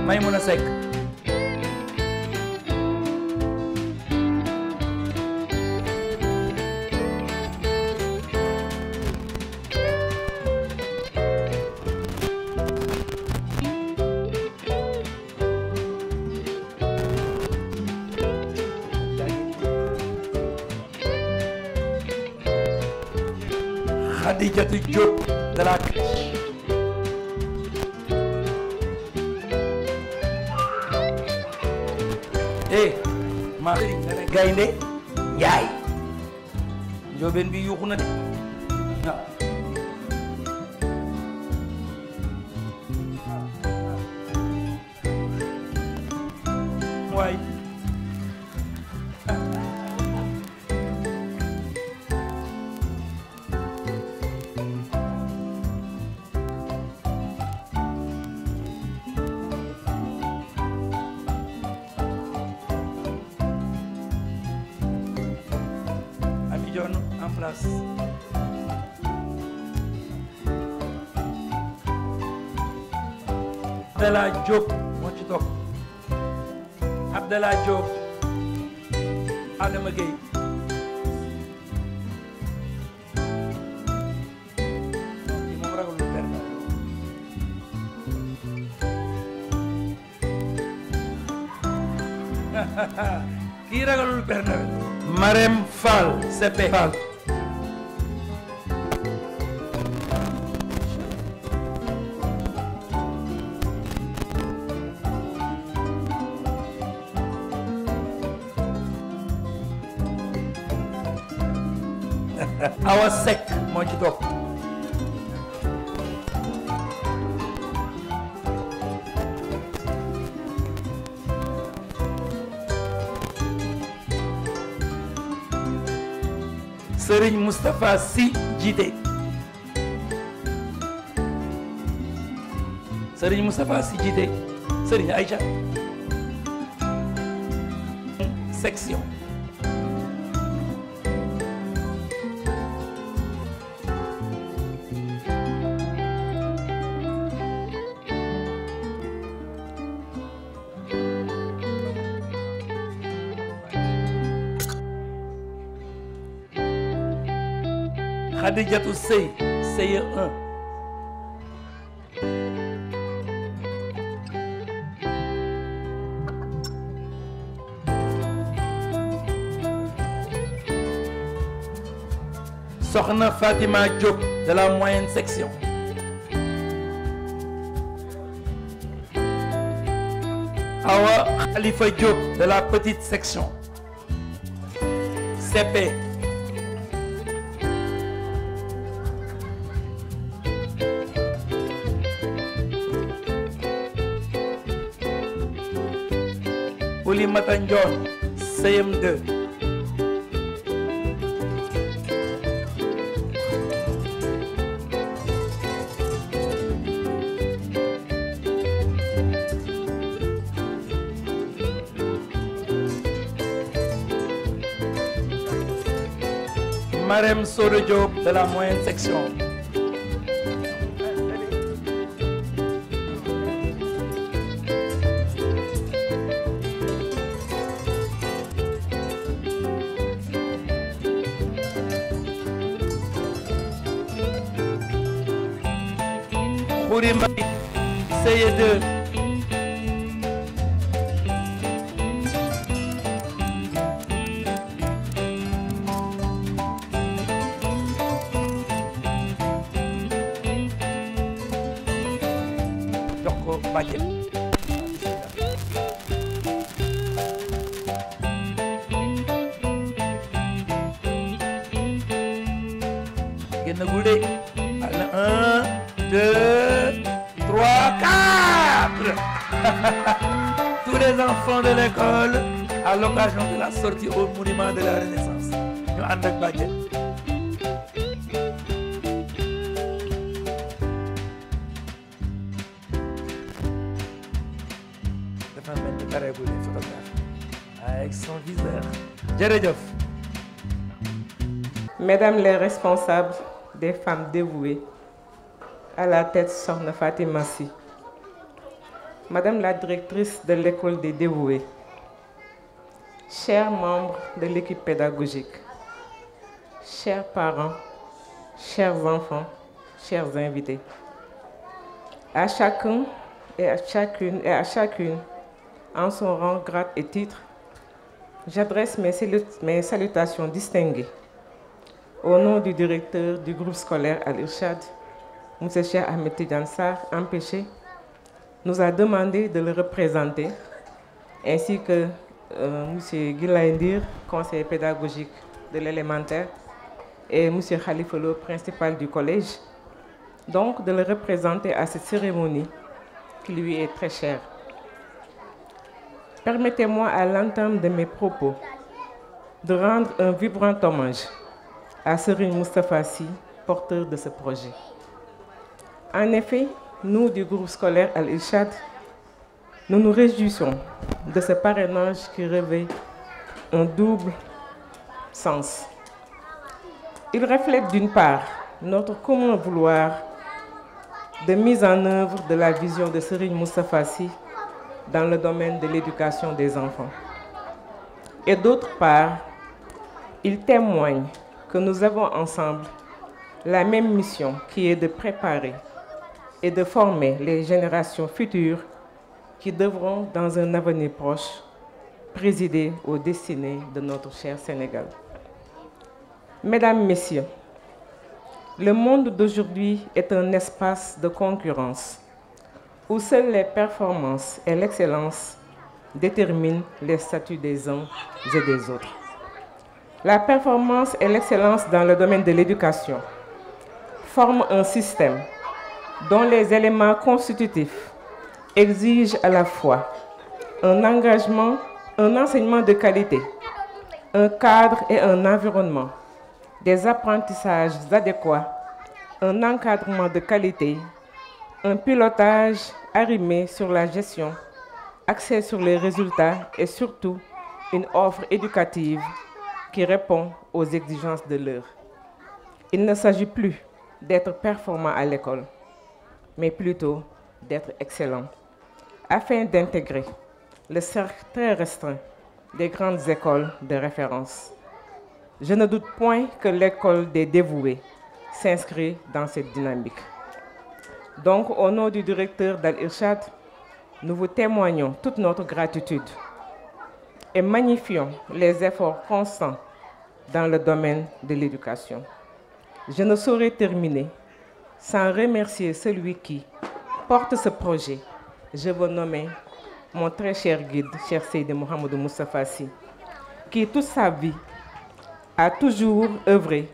Maimouna Seck Khadijatu Diop de la gaynde njaay njoobeen bi yuuxu na de Lela Diop Adama Gueye moom ragalul perte kii ragalul perte Marème Fall CP Moustapha Sy jiite Serigne Moustapha Sy jiite Serigne Aïcha section Xadijatu sëy sëye un Soxna Fatima Diop de la moyenne section Awa Khalifa Diop de la petite section Oulimata Ndione CM2 Marem Soro Diop de la moyenne section deux l'occasion de la sortie au monument de la Renaissance ñu ànd ak bàjjen dafa mel ni pareegul les photographes les responsables des femmes la tête Sokhna Fatima Sy Madame la de l'école des dévouées chers membres de l'équipe pédagogique, chers parents, chers enfants, chers invités, à chacune et à chacune, en son rang, grade et titre, j'adresse mes salutations distinguées au nom du directeur du groupe scolaire Al-Irshad, M. Cheikh Ahmed Tidjansar, empêché, nous a demandé de le représenter, ainsi que Euh, monsieur Guilaye Ndir conseiller pédagogique de l'élémentaire et monsieur Khalifa Lo principal du collège donc de le représenter à cette cérémonie qui lui est très chère permettez-moi à l'entame de mes propos de rendre un vibrant hommage à Serigne Moustapha Sy porteur de ce projet en effet nous du groupe scolaire Al Nous nous réjouissons de ce parrainage qui revêt un double sens. Il reflète d'une part notre commun vouloir de mise en œuvre de la vision de Serigne Moustapha Sy dans le domaine de l'éducation des enfants. Et d'autre part, il témoigne que nous avons ensemble la même mission qui est de préparer et de former les générations futures qui devront, dans un avenir proche, présider aux destinées de notre cher Sénégal. Mesdames, Messieurs, le monde d'aujourd'hui est un espace de concurrence où seules les performances et l'excellence déterminent les statuts des uns et des autres. La performance et l'excellence dans le domaine de l'éducation forment un système dont les éléments constitutifs exige à la fois un engagement, un enseignement de qualité, un cadre et un environnement, des apprentissages adéquats, un encadrement de qualité, un pilotage arrimé sur la gestion, axé sur les résultats et surtout une offre éducative qui répond aux exigences de l'heure. Il ne s'agit plus d'être performant à l'école, mais plutôt d'être excellent. afin d'intégrer le cercle très restreint des grandes écoles de référence. Je ne doute point que l'école des dévoués s'inscrit dans cette dynamique. Donc, au nom du directeur d'Al-Irshad, nous vous témoignons toute notre gratitude et magnifions les efforts constants dans le domaine de l'éducation. Je ne saurais terminer sans remercier celui qui porte ce projet je veux nommer mon très cher guide, cher Seydé Mohamedou Moustapha qui toute sa vie a toujours œuvré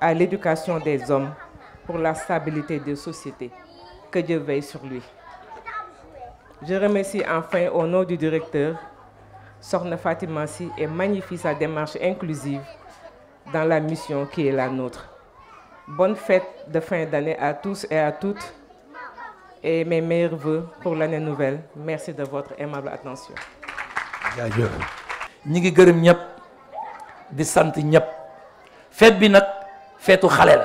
à l'éducation des hommes pour la stabilité de société Que Dieu veille sur lui. Je remercie enfin au nom du directeur Sorna Fatima Si et magnifie sa démarche inclusive dans la mission qui est la nôtre. Bonne fête de fin d'année à tous et à toutes. et mes meilleurs voeux pour l'année nouvelle merci de votre aimable attention. jaajëf ñi ngi gërëm di sant ñëpp fête bi nag feetu xale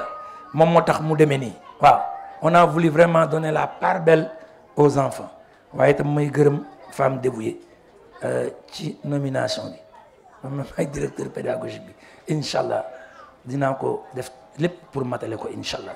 moom moo tax mu demee nii waaw on a voulu vraiment donner la part belle aux enfants waaye itam may gërëm femme débrouillée euh, ci nomination bi man maay directeur pédagogique bi incha allah dinaa ko def lépp pour matale ko incha allah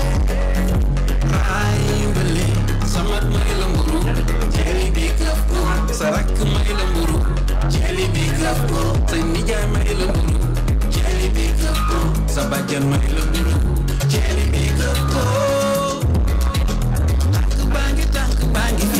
sa rakk may la mburu jali bi gaf ko sa nijaay may la mburu jali bi gaf ko sa bàjjan may bi gaf ko tànk baa ngi